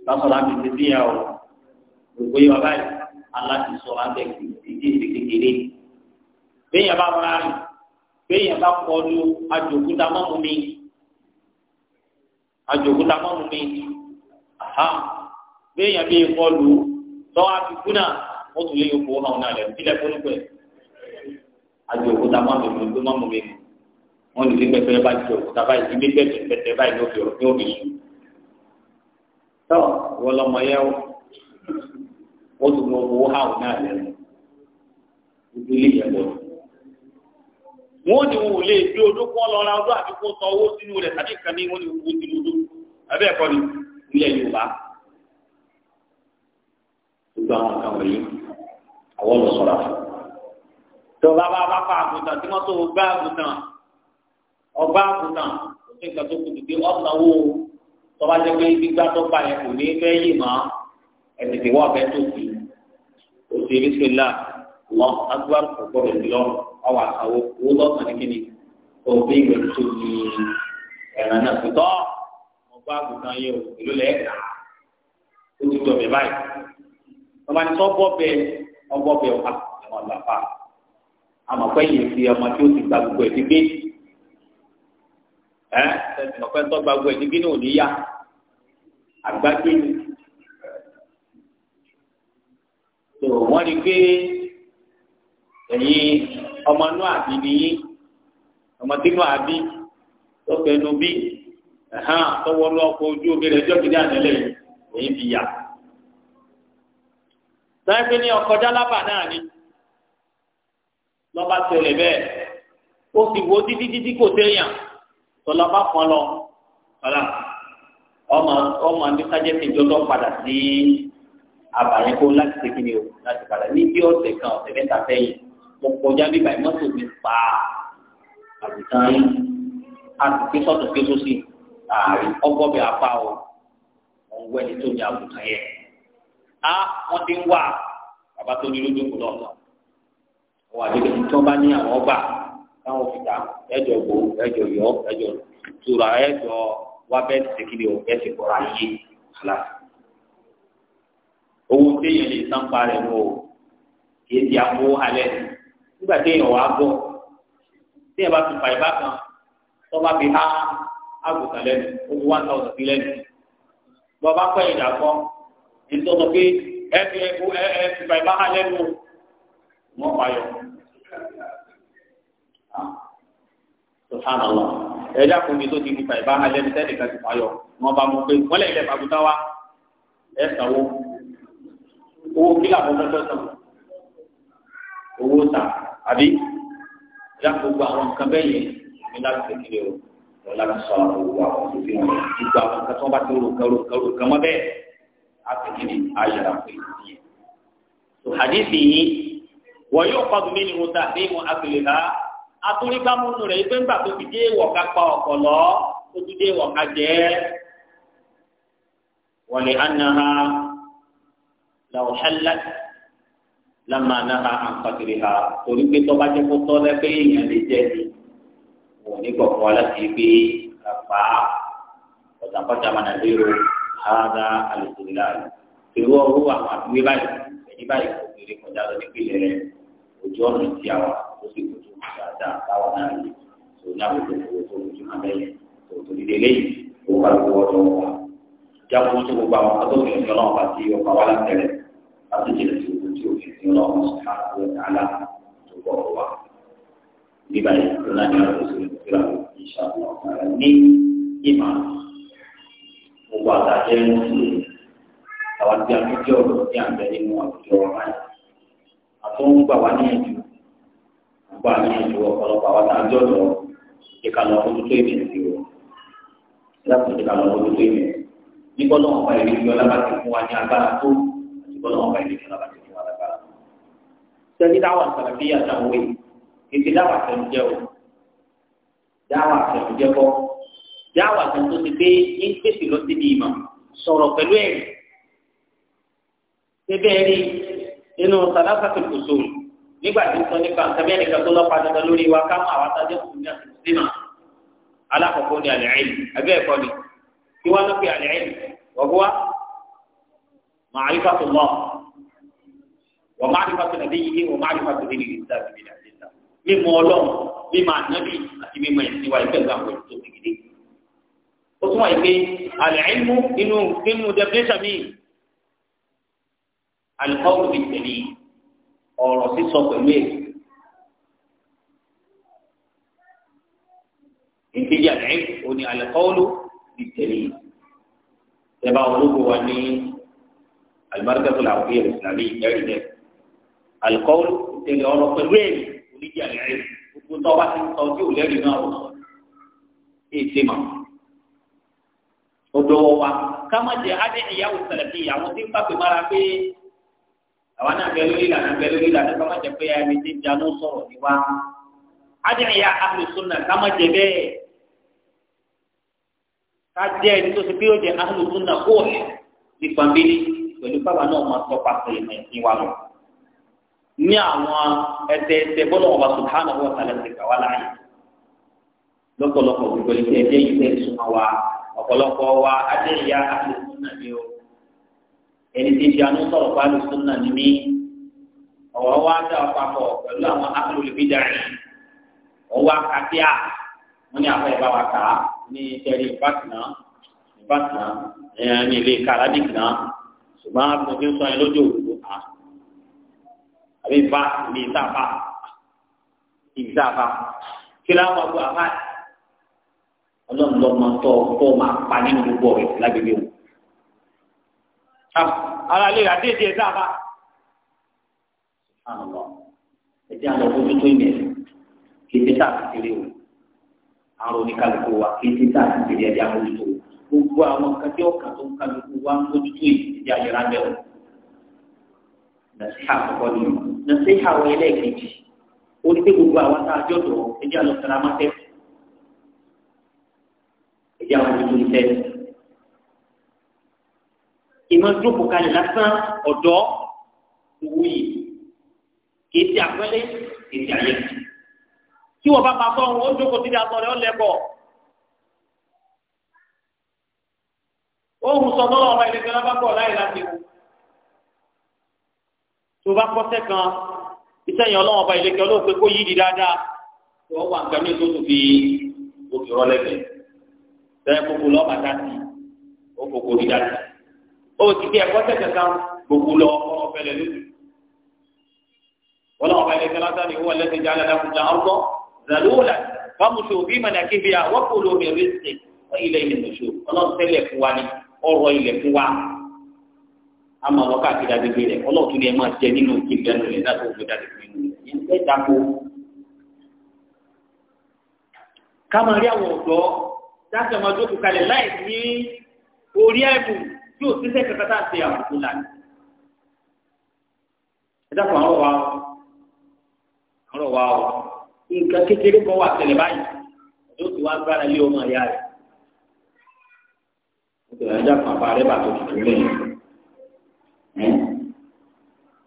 Speaker 2: lọ́sọ̀rọ̀ àti títí yà o gbogbo yìí wà báyìí aláṣẹ sọ̀rọ̀ àti ìdí kékeré béèyàn bá fara rìn béèyàn bá kọlu àjòkúta mọ́mú mi àjòkúta mọ́mú mi aha béèyàn bí kọlu tọ́wọ́ àfikú náà ó tún lè yọkọ̀ ọ̀hún náà lẹ́nu sílẹ̀ fún ìpẹ́ àjòkúta mọ́mú mi ló mọ́mú mi wọ́n lè fi pẹ́pẹ́ bá jẹ òkúta báyìí ibi pẹ́pẹ́ pẹ́pẹ́ báyìí ló fi ọ̀rọ̀ ní òbí yìí tọ́ wọ́n lọ́mọ yẹ ó ó tún lọ owó hàn náà lẹ́nu ìdílé yẹn lọ́wọ́ wọn ò ní wò lè gbé odó kọ́ lọ ra ọdún àti kó sọ owó sínú rẹ̀ tàbí kan ní wọn ní owó sínú odó abẹ́ ẹ̀kọ́ ni ilẹ̀ Yorùbá gbogbo àwọn kan wọ̀nyí àwọn lọ sọ̀rọ̀ fún tí ọba bá bá fa àgùntàn tí wọ́n tó gbá àgùntàn ọgbà àgùntàn ó ti gbà tó kù dìde ọ̀sánwó tọ́ba jẹ́ pé gbígbá tó pa yẹn kò ní fẹ́ yìí mọ́ ẹ̀tẹ̀tẹ̀ wọ́n fẹ́ tó fi òsè bísí ọwọ àkàwọ owó lọ́sàn ní kíni tó bí ìwé tó ní ẹ̀ràn náà tó tọ́ mo bá àgùntàn yẹ o èló lẹ́ẹ̀ kà ó ti dọ̀bẹ̀ báyìí ọba ní sọ́bọ̀ bẹ ọgbọ́ bẹ ọ̀pá ẹ̀wọ̀n àgbàfà àmọ̀ pé yìí fi ọmọ tí ó ti gba gbogbo ẹ̀ ti gbé ẹ̀ ẹ̀sìn ọ̀pẹ́ tó gba gbogbo ẹ̀ ti gbé ní òní yá àgbágbé ni. tó wọ́n rí pé ẹ̀yin ọmọ inú àbí nìyí ọmọ tí inú àbí tó fẹnu bí ẹ̀hán tọwọ́ lọ ọkọ̀ ojú omi rẹ̀ jọ́ kìíní àtẹ́lẹ̀ èyí fi yà. sáyẹ́pẹ́ ní ọkọ̀ jálábà náà ni lọ́ba tẹ̀lé bẹ́ẹ̀ ó sì wo títí títí kò téèyàn tọ́lá bá pọn lọ ọ̀la ọmọ ọmọ ní sájẹ́tì ìjọba padà sí àbàyẹ̀kọ́ láti ṣe kí ni o láti padà ní bí ọ̀sẹ̀ kan ọ̀sẹ̀ mẹ́ta sẹ́yìn mo kọjá bíbá ẹ mọ́tò mi pa àbùtán yín àtúnké sọ̀tún ké sósì ààrin ọgbọ́n mi apá o òun wẹ́ ni tó ní àbùtán yẹn á wọ́n ti ń wà bàbá tó ní lójú kù lọ́ọ̀tọ̀ wọ́n àdébẹ̀ tí wọ́n bá ní àwọn ọgbà táwọn fi ta ẹjọ gbò ẹjọ yọ ẹjọ tura ẹjọ wá sèkìlì o bẹ́ẹ̀ ti kọ́ra yé ala owó téèyàn lè sanpa rẹ̀ mọ́ o kì í di àpò alẹ́ nìyí nígbà tí èèyàn wàá gbọ́ tí èèyàn bá fi fà ìbá kan tó bá fi há àgùntàn lẹ́nu ó fi one thousand fi lẹ́nu bọ́ bá pẹ́ ìdá kọ́ nítorí pé ẹ fi ẹ fi fà ìbá há lẹ́nu wọ́n payọ̀ subhanallah ẹ̀dá kò ní tó ti fi fà ìbá há lẹ́nu sẹ́nìkan ti payọ̀ wọ́n bá mú pé wọ́n lè ilẹ̀ fàgùtà wa ẹ̀ sanwó owó kí làwọn fẹ́ fẹ́ sàn owó sàn àbí yá gbogbo àwọn nǹkan bẹ́ẹ̀ yẹn ní láti tẹ̀lé o wọ́n láti sọ àwọn owó àwọn tó fi hàn gbogbo àwọn nǹkan tó ń bá ti rò kárò kárò kán mọ́ bẹ́ẹ̀ á tẹ̀lé ní ayára pé yẹn. tó hadithi yìí wọ́n yóò kọ́ dùn nínú ta ní ìmọ̀ àgbèlè ha atúrígbàmúnú rẹ̀ ìgbẹ́ ńgbà tó fi dé wọ̀ká pa ọ̀kọ̀ lọ tó fi dé wọ̀ká jẹ́ wọ́n lè ánà ha làwọn lama náà àǹfààní ha torí pé tọ́ba jẹ́ kó tọ́ lẹ́pẹ́ èèyàn lè jẹ́ ni wọ́n ní kọ̀ọ̀kan aláṣẹ pé àpá ọ̀tàǹpàtà màdà lérò ààdá àlùkòlá rẹ̀ èrò ọ̀rọ̀ àwọn àdúgbò báyìí ẹni báyìí kò fèrè kọjá lọ nípìnlẹ̀ rẹ̀ ojú ọ̀nà tí a wà ó sì kò tó dáadáa táwa náà lè tó ní àwọn òkòkò tó ń tún abẹ́ yẹn tó tó dídé lẹ́yìn tó wà lọ́wọ́ ọ̀dọ́ wa jákòó tó gbogbo àwọn kọ́tọ́ ẹ̀sìn ọlọ́run sọ̀rọ̀ àwọn ọ̀tàlá tó bọ̀ wá. Bíbá yìí tó náà ní ọ̀rọ̀ sí ìtura ìṣàkóso ọ̀tàlá ní ìmọ̀ gbogbo àtàjẹ́ mùsùlùmí àwọn tí a fi jẹ́ ọ̀rọ̀ tí a ń bẹ nínú àwùjọ ọ̀rá yìí. Àtọ́ ń gbà wá níyànjú gbà níyànjú ọ̀pọ̀lọpọ̀ àwọn tá a jọ lọ ìkàlọ̀ ọdún tó ìbẹ̀rẹ̀ tó ìbẹ̀rẹ̀. Ní wọn bá ìrìn ìjọ lábàtì fún tó àti gbọ́dọ̀ wọn bá ìrìn sẹ́ni dáwà sàlàfíà táwọn wẹ̀ ètè dáwà sẹ́nu jẹ́ o dáwà sẹ́nu jẹ́ kọ́ dáwà sẹ́nu tó ti pé ń pèsè lọ síbi ìmọ̀ sọ̀rọ̀ pẹ̀lú ẹ̀rí síbẹ̀ rí nínú sàlàfàtì kùsù nígbà tí ń sọ nípa nǹkan ẹnìkan tó lọ́ọ́ padà lórí wa ká máa wá sáájú kùsù ní àti kùsù alákọ̀ọ́kọ́ ni àlẹ́ ẹ̀yìn abẹ́ ẹ̀kọ́ ni kí wọ́n lọ́ wọ́n máa rí pàtó nàbí yìí wọ́n máa rí pàtó nínú ìgbésà àti ìgbésà àti ìgbésà mímọ̀ ọlọ́run mímọ̀ ànábì àti mímọ̀ ẹ̀sìn wa ìfẹ́ ìgbà pẹ̀lú tó tìgìdì. ó tún wà yìí pé àlẹ́ ẹ̀mú inú nínú definition mi alikọ́wù ti tẹ̀lé ọ̀rọ̀ sísọ pẹ̀lú ẹ̀. ìkejì àlẹ́ ẹ̀mú òní alikọ́wọ́lù tẹ̀lé ọ̀rọ̀ pẹ̀lú ẹ̀rí oníjà rẹ̀ gbogbo tó wá sí sọ tí ò lẹ́rìí náà wò sọ èsì mà odò wa ká má jẹ adé ìyàwó sẹlẹ̀tì ìyàwó tí ń pàpè mára pé àwọn náà bẹ lórí ìlànà bẹ lórí ìlànà ká má jẹ pé ẹni tí ń janú sọ̀rọ̀ ní wa adé ìyá ahlùsúnà ká má jẹ bẹ́ẹ̀ ká jẹ́ tó ti bí ó jẹ ahlùsúnà kó nípa bíi pẹ̀lú bàbá náà máa tọ́ pàṣẹ ìmọ̀ ẹ̀sìn wa lọ ní àwọn ẹsẹ̀ ẹsẹ̀ bọ́lá wọn bá subhanahu wa ta'ala ti kà wá láàyè lọ́pọ̀lọpọ̀ gbogbo ẹgbẹ́ ẹgbẹ́ yìí fẹ́ súnmọ́ wa ọ̀pọ̀lọpọ̀ wa adéyà àlùsùn náà ni o ẹni tí fi àánú sọ̀rọ̀ pa àlùsùn ni mí ọ̀rọ̀ wa dá papọ̀ pẹ̀lú àwọn akọlùbídà rẹ̀ ọwọ́ akatíà wọ́n ní afẹ́ ìbá wa kà á ní tẹ̀lé ìbátìná ìbátìná ní ilé kàràdìkì náà ṣùgbọ́n àtúntò àbí ba ìlú ìtàfà ìtàfà kí ló wà gbọ àbá ọlọ́run lọ máa tọ́ tọ́ máa pa nínú gbogbo rẹ̀ lágbègbè wọn. ara lè rà déédéé ìtàfà. àlọ́ ẹ̀jẹ̀ àlọ́ fojú tó ìmẹ̀ kí ebi tá a ti tẹ̀lé o àrùn oníkàlùkù wa kí ebi tá ti tẹ̀lé ẹ̀jẹ̀ àwọn gbogbo àwọn nǹkan tí tó ń kàlùkù wa ń fojú tó ìdí bẹ́ẹ̀ o. nàìjíríà àkọ́kọ́ nínú nàṣẹ́ àwọn ẹlẹ́ẹ̀kejì ó ní pé gbogbo àwọn tá a jọ dọ̀ ẹjẹ́ àlọ́ sara máa tẹ́ ẹjẹ́ àwọn tuntun ní tẹ́ ìmọ̀ jókòó kalẹ̀ lásán ọ̀dọ́ owó yìí kì í ti àpẹẹrẹ kì í ti àyẹ̀ tí wọ́n bá máa bọ́ wọn ó jókòó síbi àtọ̀ rẹ̀ ó lẹ́bọ̀ọ́. ohun sọ lọ́wọ́ ọmọ ìlẹ́gbẹ̀rẹ́ bá bọ̀ láì láti wò tó bá kọ́sẹ́ kan iṣẹ́ yẹn ọlọ́wọ́n ọba ìlẹ́kẹ́ olóògbé kó yídi dáadáa tó wà nǹkan ní tó tún fi òkè rọlẹ́gbẹ̀ẹ́ tẹ́ gbogbo lọ́ba dáàtì ó gbogbo rí dáàtì ó ti di ẹ̀kọ́ tẹ̀ kankan gbogbo lọ ọkọ ọ̀fẹ́lẹ̀ lójú ọlọ́wọ́n ọba ìlẹ́kẹ́ lásán ni wọ́n lẹ́sẹ̀ jálẹ̀ lákùnjà ọgbọ́n zàlúwòlà fámùsù bí mọ̀nàkíbi àwọn kò lómi rí a máa lọ káàkiri agbègbè rẹ̀ ọlọ́ọ̀tún ni ẹ máa jẹ nínú ìgbẹ́nu rẹ̀ náà tó gbé jáde nínú rẹ̀ yẹn fẹ́ dako. ká máa rí àwọn ọ̀dọ́ dáṣẹ máa jókòó kalẹ̀ láì ní orí ẹ̀bùn tí ò sísẹ́ kankan tá à ń ṣe àbùkù lánàá. ẹ dákun àwọn wa ọ àwọn wa ọ nǹkan kékeré kan wà tẹ̀lé báyìí ọdún tí wàá gbára lé ọmọ ìyá rẹ̀. ó ti rẹ̀ ẹ dákun àbá rẹ̀ bàtò tuntun lẹ́yìn.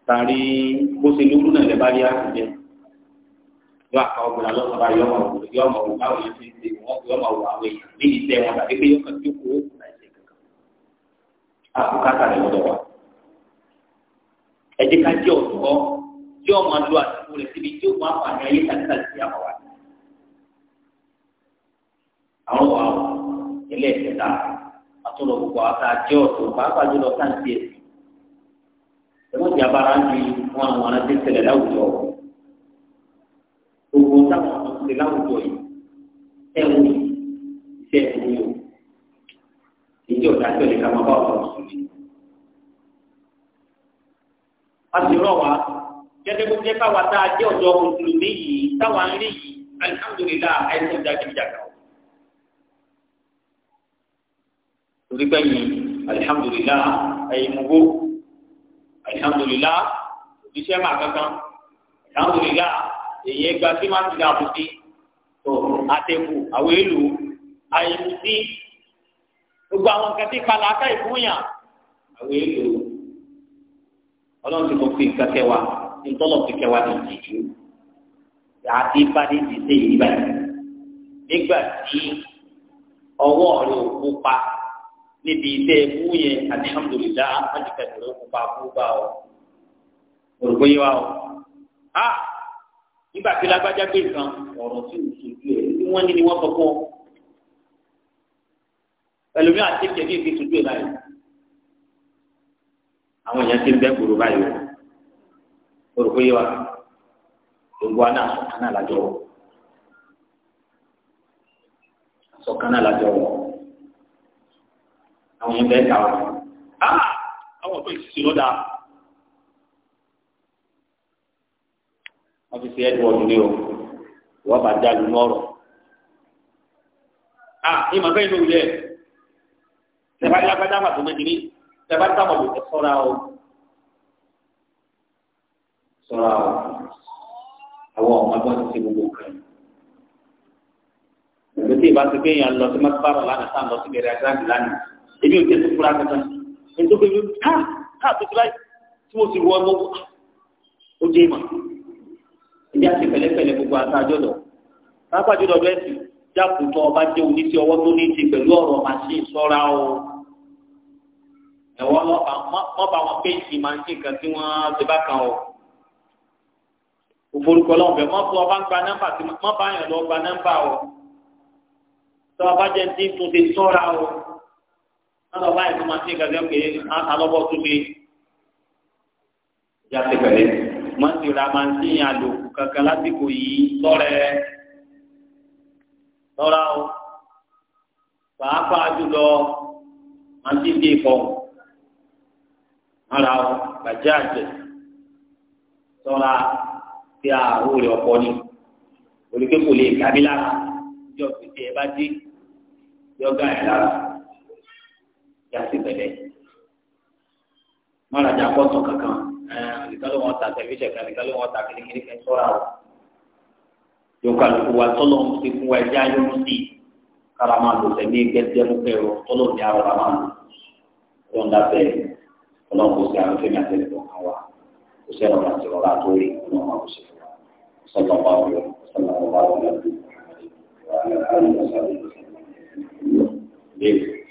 Speaker 2: tari bó ṣe lóru náà lè bá rí àtúnjẹ yọ àká ọgbìnrin alọ́sàn bá yọ ọmọ òwúrọ̀ yọ ọmọ òwúrọ̀ báwo yẹn ti ṣe ọmọ àwọn èèyàn wọn tàbí pé tó kó kankan rẹ wa. ká ọmọ síbi tí ó ayé sí àwọn wa. àwọn gbogbo jábára di wọn àwọn ará tẹ́ ṣẹlẹ̀ láwùjọ gbogbo táwọn àwọn ṣe láwùjọ yìí ẹ̀wù iṣẹ́ ẹ̀wù yìí ìjọ ìdájọ́ lè ka máa bá ọ̀rọ̀ sùn ní. a sì rọ̀ wá jẹ́jẹ́ kó jẹ́ káwa tá a jẹ́ ọ̀dọ́ mùsùlùmí yìí táwa ń rí yìí alihamudulilayi ẹ̀sìn ìdájọ́ torí bẹ́ẹ̀ yìí alihamudulilayi ẹ̀yin mú alihamudulila iṣẹ́ máa kankan alihamudulila èyí ẹgbà tí máa ti dàbò sí tó àtẹkù àwọn èlò àyẹ̀wò sí gbogbo àwọn nǹkan tí kala aká ìfúnyà àwọn èlò ọlọ́run ti mọ̀ pé nǹkan kẹwàá ntọ́lọ̀ ti kẹwàá ní ìdíjú àti ìbádé ti dé ìbàdí nígbà tí ọwọ́ rẹ̀ ò kópa níbi iṣẹ́ ikú yẹn alihamudulilayi àti kẹsìrì òkùnfà àbúgbà ọ òrùkọ yẹ wa ọ. a nígbà tí lágbájá gbé nǹkan ọ̀rọ̀ tí ò ẹ̀ tí wọ́n ní ni wọ́n sọ fún ọ. ẹlòmíì àti kẹ̀kẹ́ kí n sojú ẹ̀ láyé. àwọn èèyàn ti ń bẹ́ gbòòrò báyìí o òrùkọ yẹ wa gbogbo aná àsọ̀kan náà lájọ wọ̀ àsọ̀kan náà àwọn ọmọdé ta ọ àwọn ọmọ ìṣiṣẹ lọdà wọn fi ṣe Edward ní o wọn bá dá lu lọ́rọ̀ a ah! ìmọ̀ bẹ́ẹ̀ ló yẹ tẹ̀bá ní agbádá wà tó méjì ní tẹ̀bá táwọn olùkọ́ sọ́ra o sọ́ra o àwọn ọmọdé wọn ti ṣe gbogbo kan yìí ìbá ti gbé yàn lọ sí mọ́tò bá lánàá sáà lọ sí bẹ̀rẹ̀ àgbàdì lánàá èmi ò tẹ̀ tó fura kankan ẹni tó gbẹ̀mí ká ká tó ti láì tí mo sì wọ ọmọ ah! ó jẹ́ ìmọ̀ ìdí àti pẹ̀lẹ́pẹ̀lẹ́ gbogbo àtàjọ́ lọ pápájọ́ lọ bẹ́ẹ̀ sì jákòótọ́ ọba jẹ́ oníṣẹ́ ọwọ́ tó ní í ṣe pẹ̀lú ọ̀rọ̀ màṣíìn sọ́ra o ẹ̀wọ́n mọ́ba wọn péjì máa ń ṣe nǹkan tí wọ́n ti bá kan o òforúkọ lọ́wọ́ bẹ́ẹ̀ ọba ń gba nọ́mbà tí mọ́ba yẹn lọ gba nọ́mbà o tọ́ ọba jẹ́ ní tuntun sọ́ra o lọ́dọ̀ báyìí tó máa ti gàdé pé alọ́bọ̀ tó ṣe jáde pẹ̀lẹ́ máa ń tira máa ń tí yàn lò kankan lásìkò yìí tọ́rẹ tọ́ra o pàápàá jùlọ máa ń tí dé ìfọ̀ ara o bàjẹ́ àjẹ́ tọ́ra tí a ò rẹ̀ ọ̀pọ̀ ni olùkẹ́kọ̀ọ́ lè kàbí lára ìjọ pèsè ẹ̀ bá dé yọ̀gá ẹ̀ lára yàtí bẹ̀rẹ̀ mọ́rajà pọ́tù kankan nìkan ló wọ́n ta tẹ̀lifíṣẹ̀ kan nìkan ló wọ́n ta kirikiri kan sọ́ra o yóò ká lóko wa tọ́lọ̀ ń fi fún wa ẹja yóò sí kára máa lò sẹ́ni gẹ́gẹ́ mú pẹ̀rọ tọ́lọ̀ ní arọ́ra máa lò tó ń dábẹ́ ọlọ́run kò sí àwọn fẹ́mi àtẹ̀lẹ́ tó kàn wá kò sí ẹ̀rọ àti ọ̀rọ̀ àtòrí ọlọ́run máa kò sí fún wa sọ́lọ́ bá wọlé sọ́lọ́ bá wọlé lọ́dún. Thank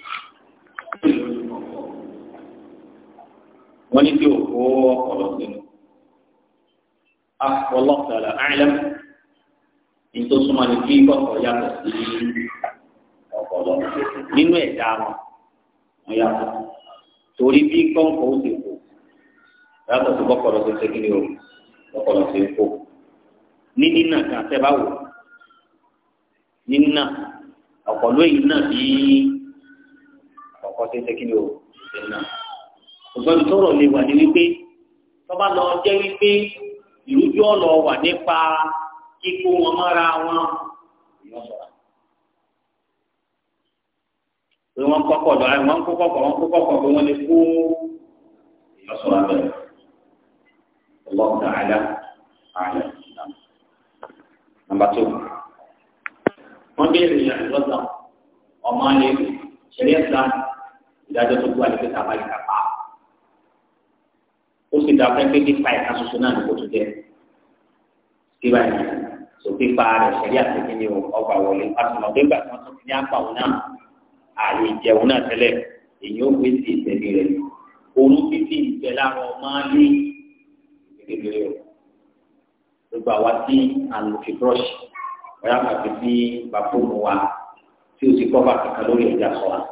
Speaker 2: wọ́n ní kí òkú ọ̀pọ̀lọ́ sínú. Àpọ̀lọ́pọ̀lọ́ àìlẹ́m ìtòsúnmọ́ ni kí kọ̀kọ̀ yàtọ̀ sí ọ̀pọ̀lọ́. Nínú ẹ̀dá wọn, wọ́n yàtọ̀. Torí bí kọ̀ǹkọ̀ ó ti kú, yàtọ̀ sí kọ̀kọ̀lọ́ tó ṣe o, kọ̀kọ̀lọ́ ti kú. Ní nínà kan tẹ́ bá wò, nínà ọ̀pọ̀lọ́ èyí náà bíi. ọkọ̀ ṣe kí ni o ṣe ṣùgbọ́n tọrọ lè wà ní wípé tọ́ba lọ jẹ́ wípé ìrújú ọ̀lọ́ wà nípa kíkó wọn mọ́ra wọn ìyọ́ sọ̀rọ̀. pé ìdájọ́ tó kú àlejò tá a bá yìí ká pa ó sì dá pẹ́ńpẹ́ pípa ẹ̀ka ṣoṣo náà ní kó tó jẹ́ síbà yìí tó pípa rẹ̀ sẹ́rí àtẹ̀kẹ́lẹ́ ọgbà wọlé pàṣẹmọ̀ gbégbà tí wọ́n tún fi ní apá òun náà ààyè ìjẹun náà tẹ́lẹ̀ èyí ó gbé sí ìtẹ̀lé rẹ̀ orú fífi ìfẹ́ láwọn máa ń lé kékeré gbogbo àwa tí à lò fi brush ọ̀yà pàtó sí bàbá òun wa tí ó ti kọ́ bàtà kan lórí ẹ̀já sọ̀rọ̀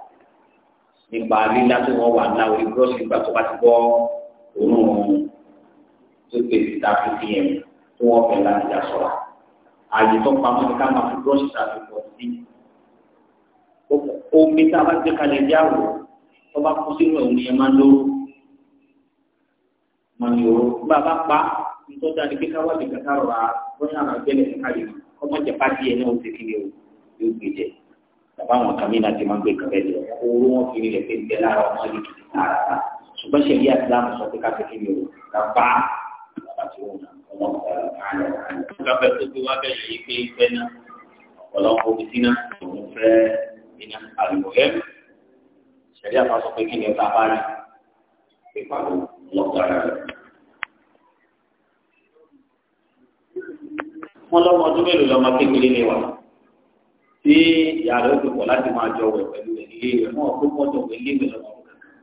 Speaker 2: nípa lílá tó wọ́n wà ńlá orí búrọ́ọ̀sì nígbà tó bá ti bọ́ òórùn tó gbé síta fífi yẹn tó wọ́n fẹ́ láti dá sọ̀rọ̀ ààyè tó pamọ́ ní ká máa fi búrọ́ọ̀sì tàbí pọ̀ sí omi tá a bá gbé kalẹ̀ dí àwọ̀ tó bá kú sínú ẹ̀ òní ẹ̀ máa ń lóró máa ń bá a bá pa nítorí dáadé pé káwá lè kàtà rọra bóyá àwọn àgbẹ̀lẹ̀ ní káyọ̀ ọmọ jẹ̀pá díẹ̀ náà ó ti kiri o yóò gbé jẹ owó wọn kiri rẹ̀ pé bẹ́ẹ̀ lára ọmọ yìí kìí sára ta ṣùgbọ́n ṣẹ̀lí àtìlámù sọ pé káfí kí ni o ká bá bàbá tí wọn ọmọ ọ̀gá àná àná. káfẹ́ tó gbé wá bẹ́ẹ̀ yìí pé fẹ́ ná ọ̀pọ̀lọpọ̀ omi sínú òun fẹ́ iná àlùkò yẹn ṣẹ̀lí àtìlámù sọ pé kí ni o bá rí ìpàdé lọ́gbà rẹ̀. wọ́n lọ́mọ ọdún mélòó lọ́mọ kékeré lé wa tí ìyá rẹ̀ ti pọ̀ láti máa jọ wẹ̀ pẹ̀lú rẹ̀ rẹ̀ mọ́ ọ̀pọ̀ mọ́tò wẹ̀ rẹ̀ lọ́wọ́ kankan.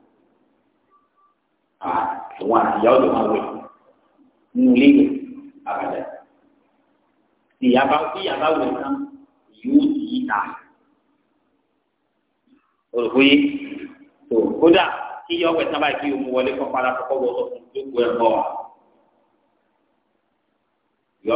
Speaker 2: Ah, àwọn àtìyá ọ̀dọ̀ máa wẹ̀ nínú ilé àgàdà. ìyá bá ìyá bá wẹ̀ tán yóò di ìta. olùkóyè tó kódà kí yọ wẹ̀ tán báyìí kí omi wọlé kọ́ padà kọ́kọ́ wọ ọ̀tún tó kú ẹ̀ bọ̀ wá. yọ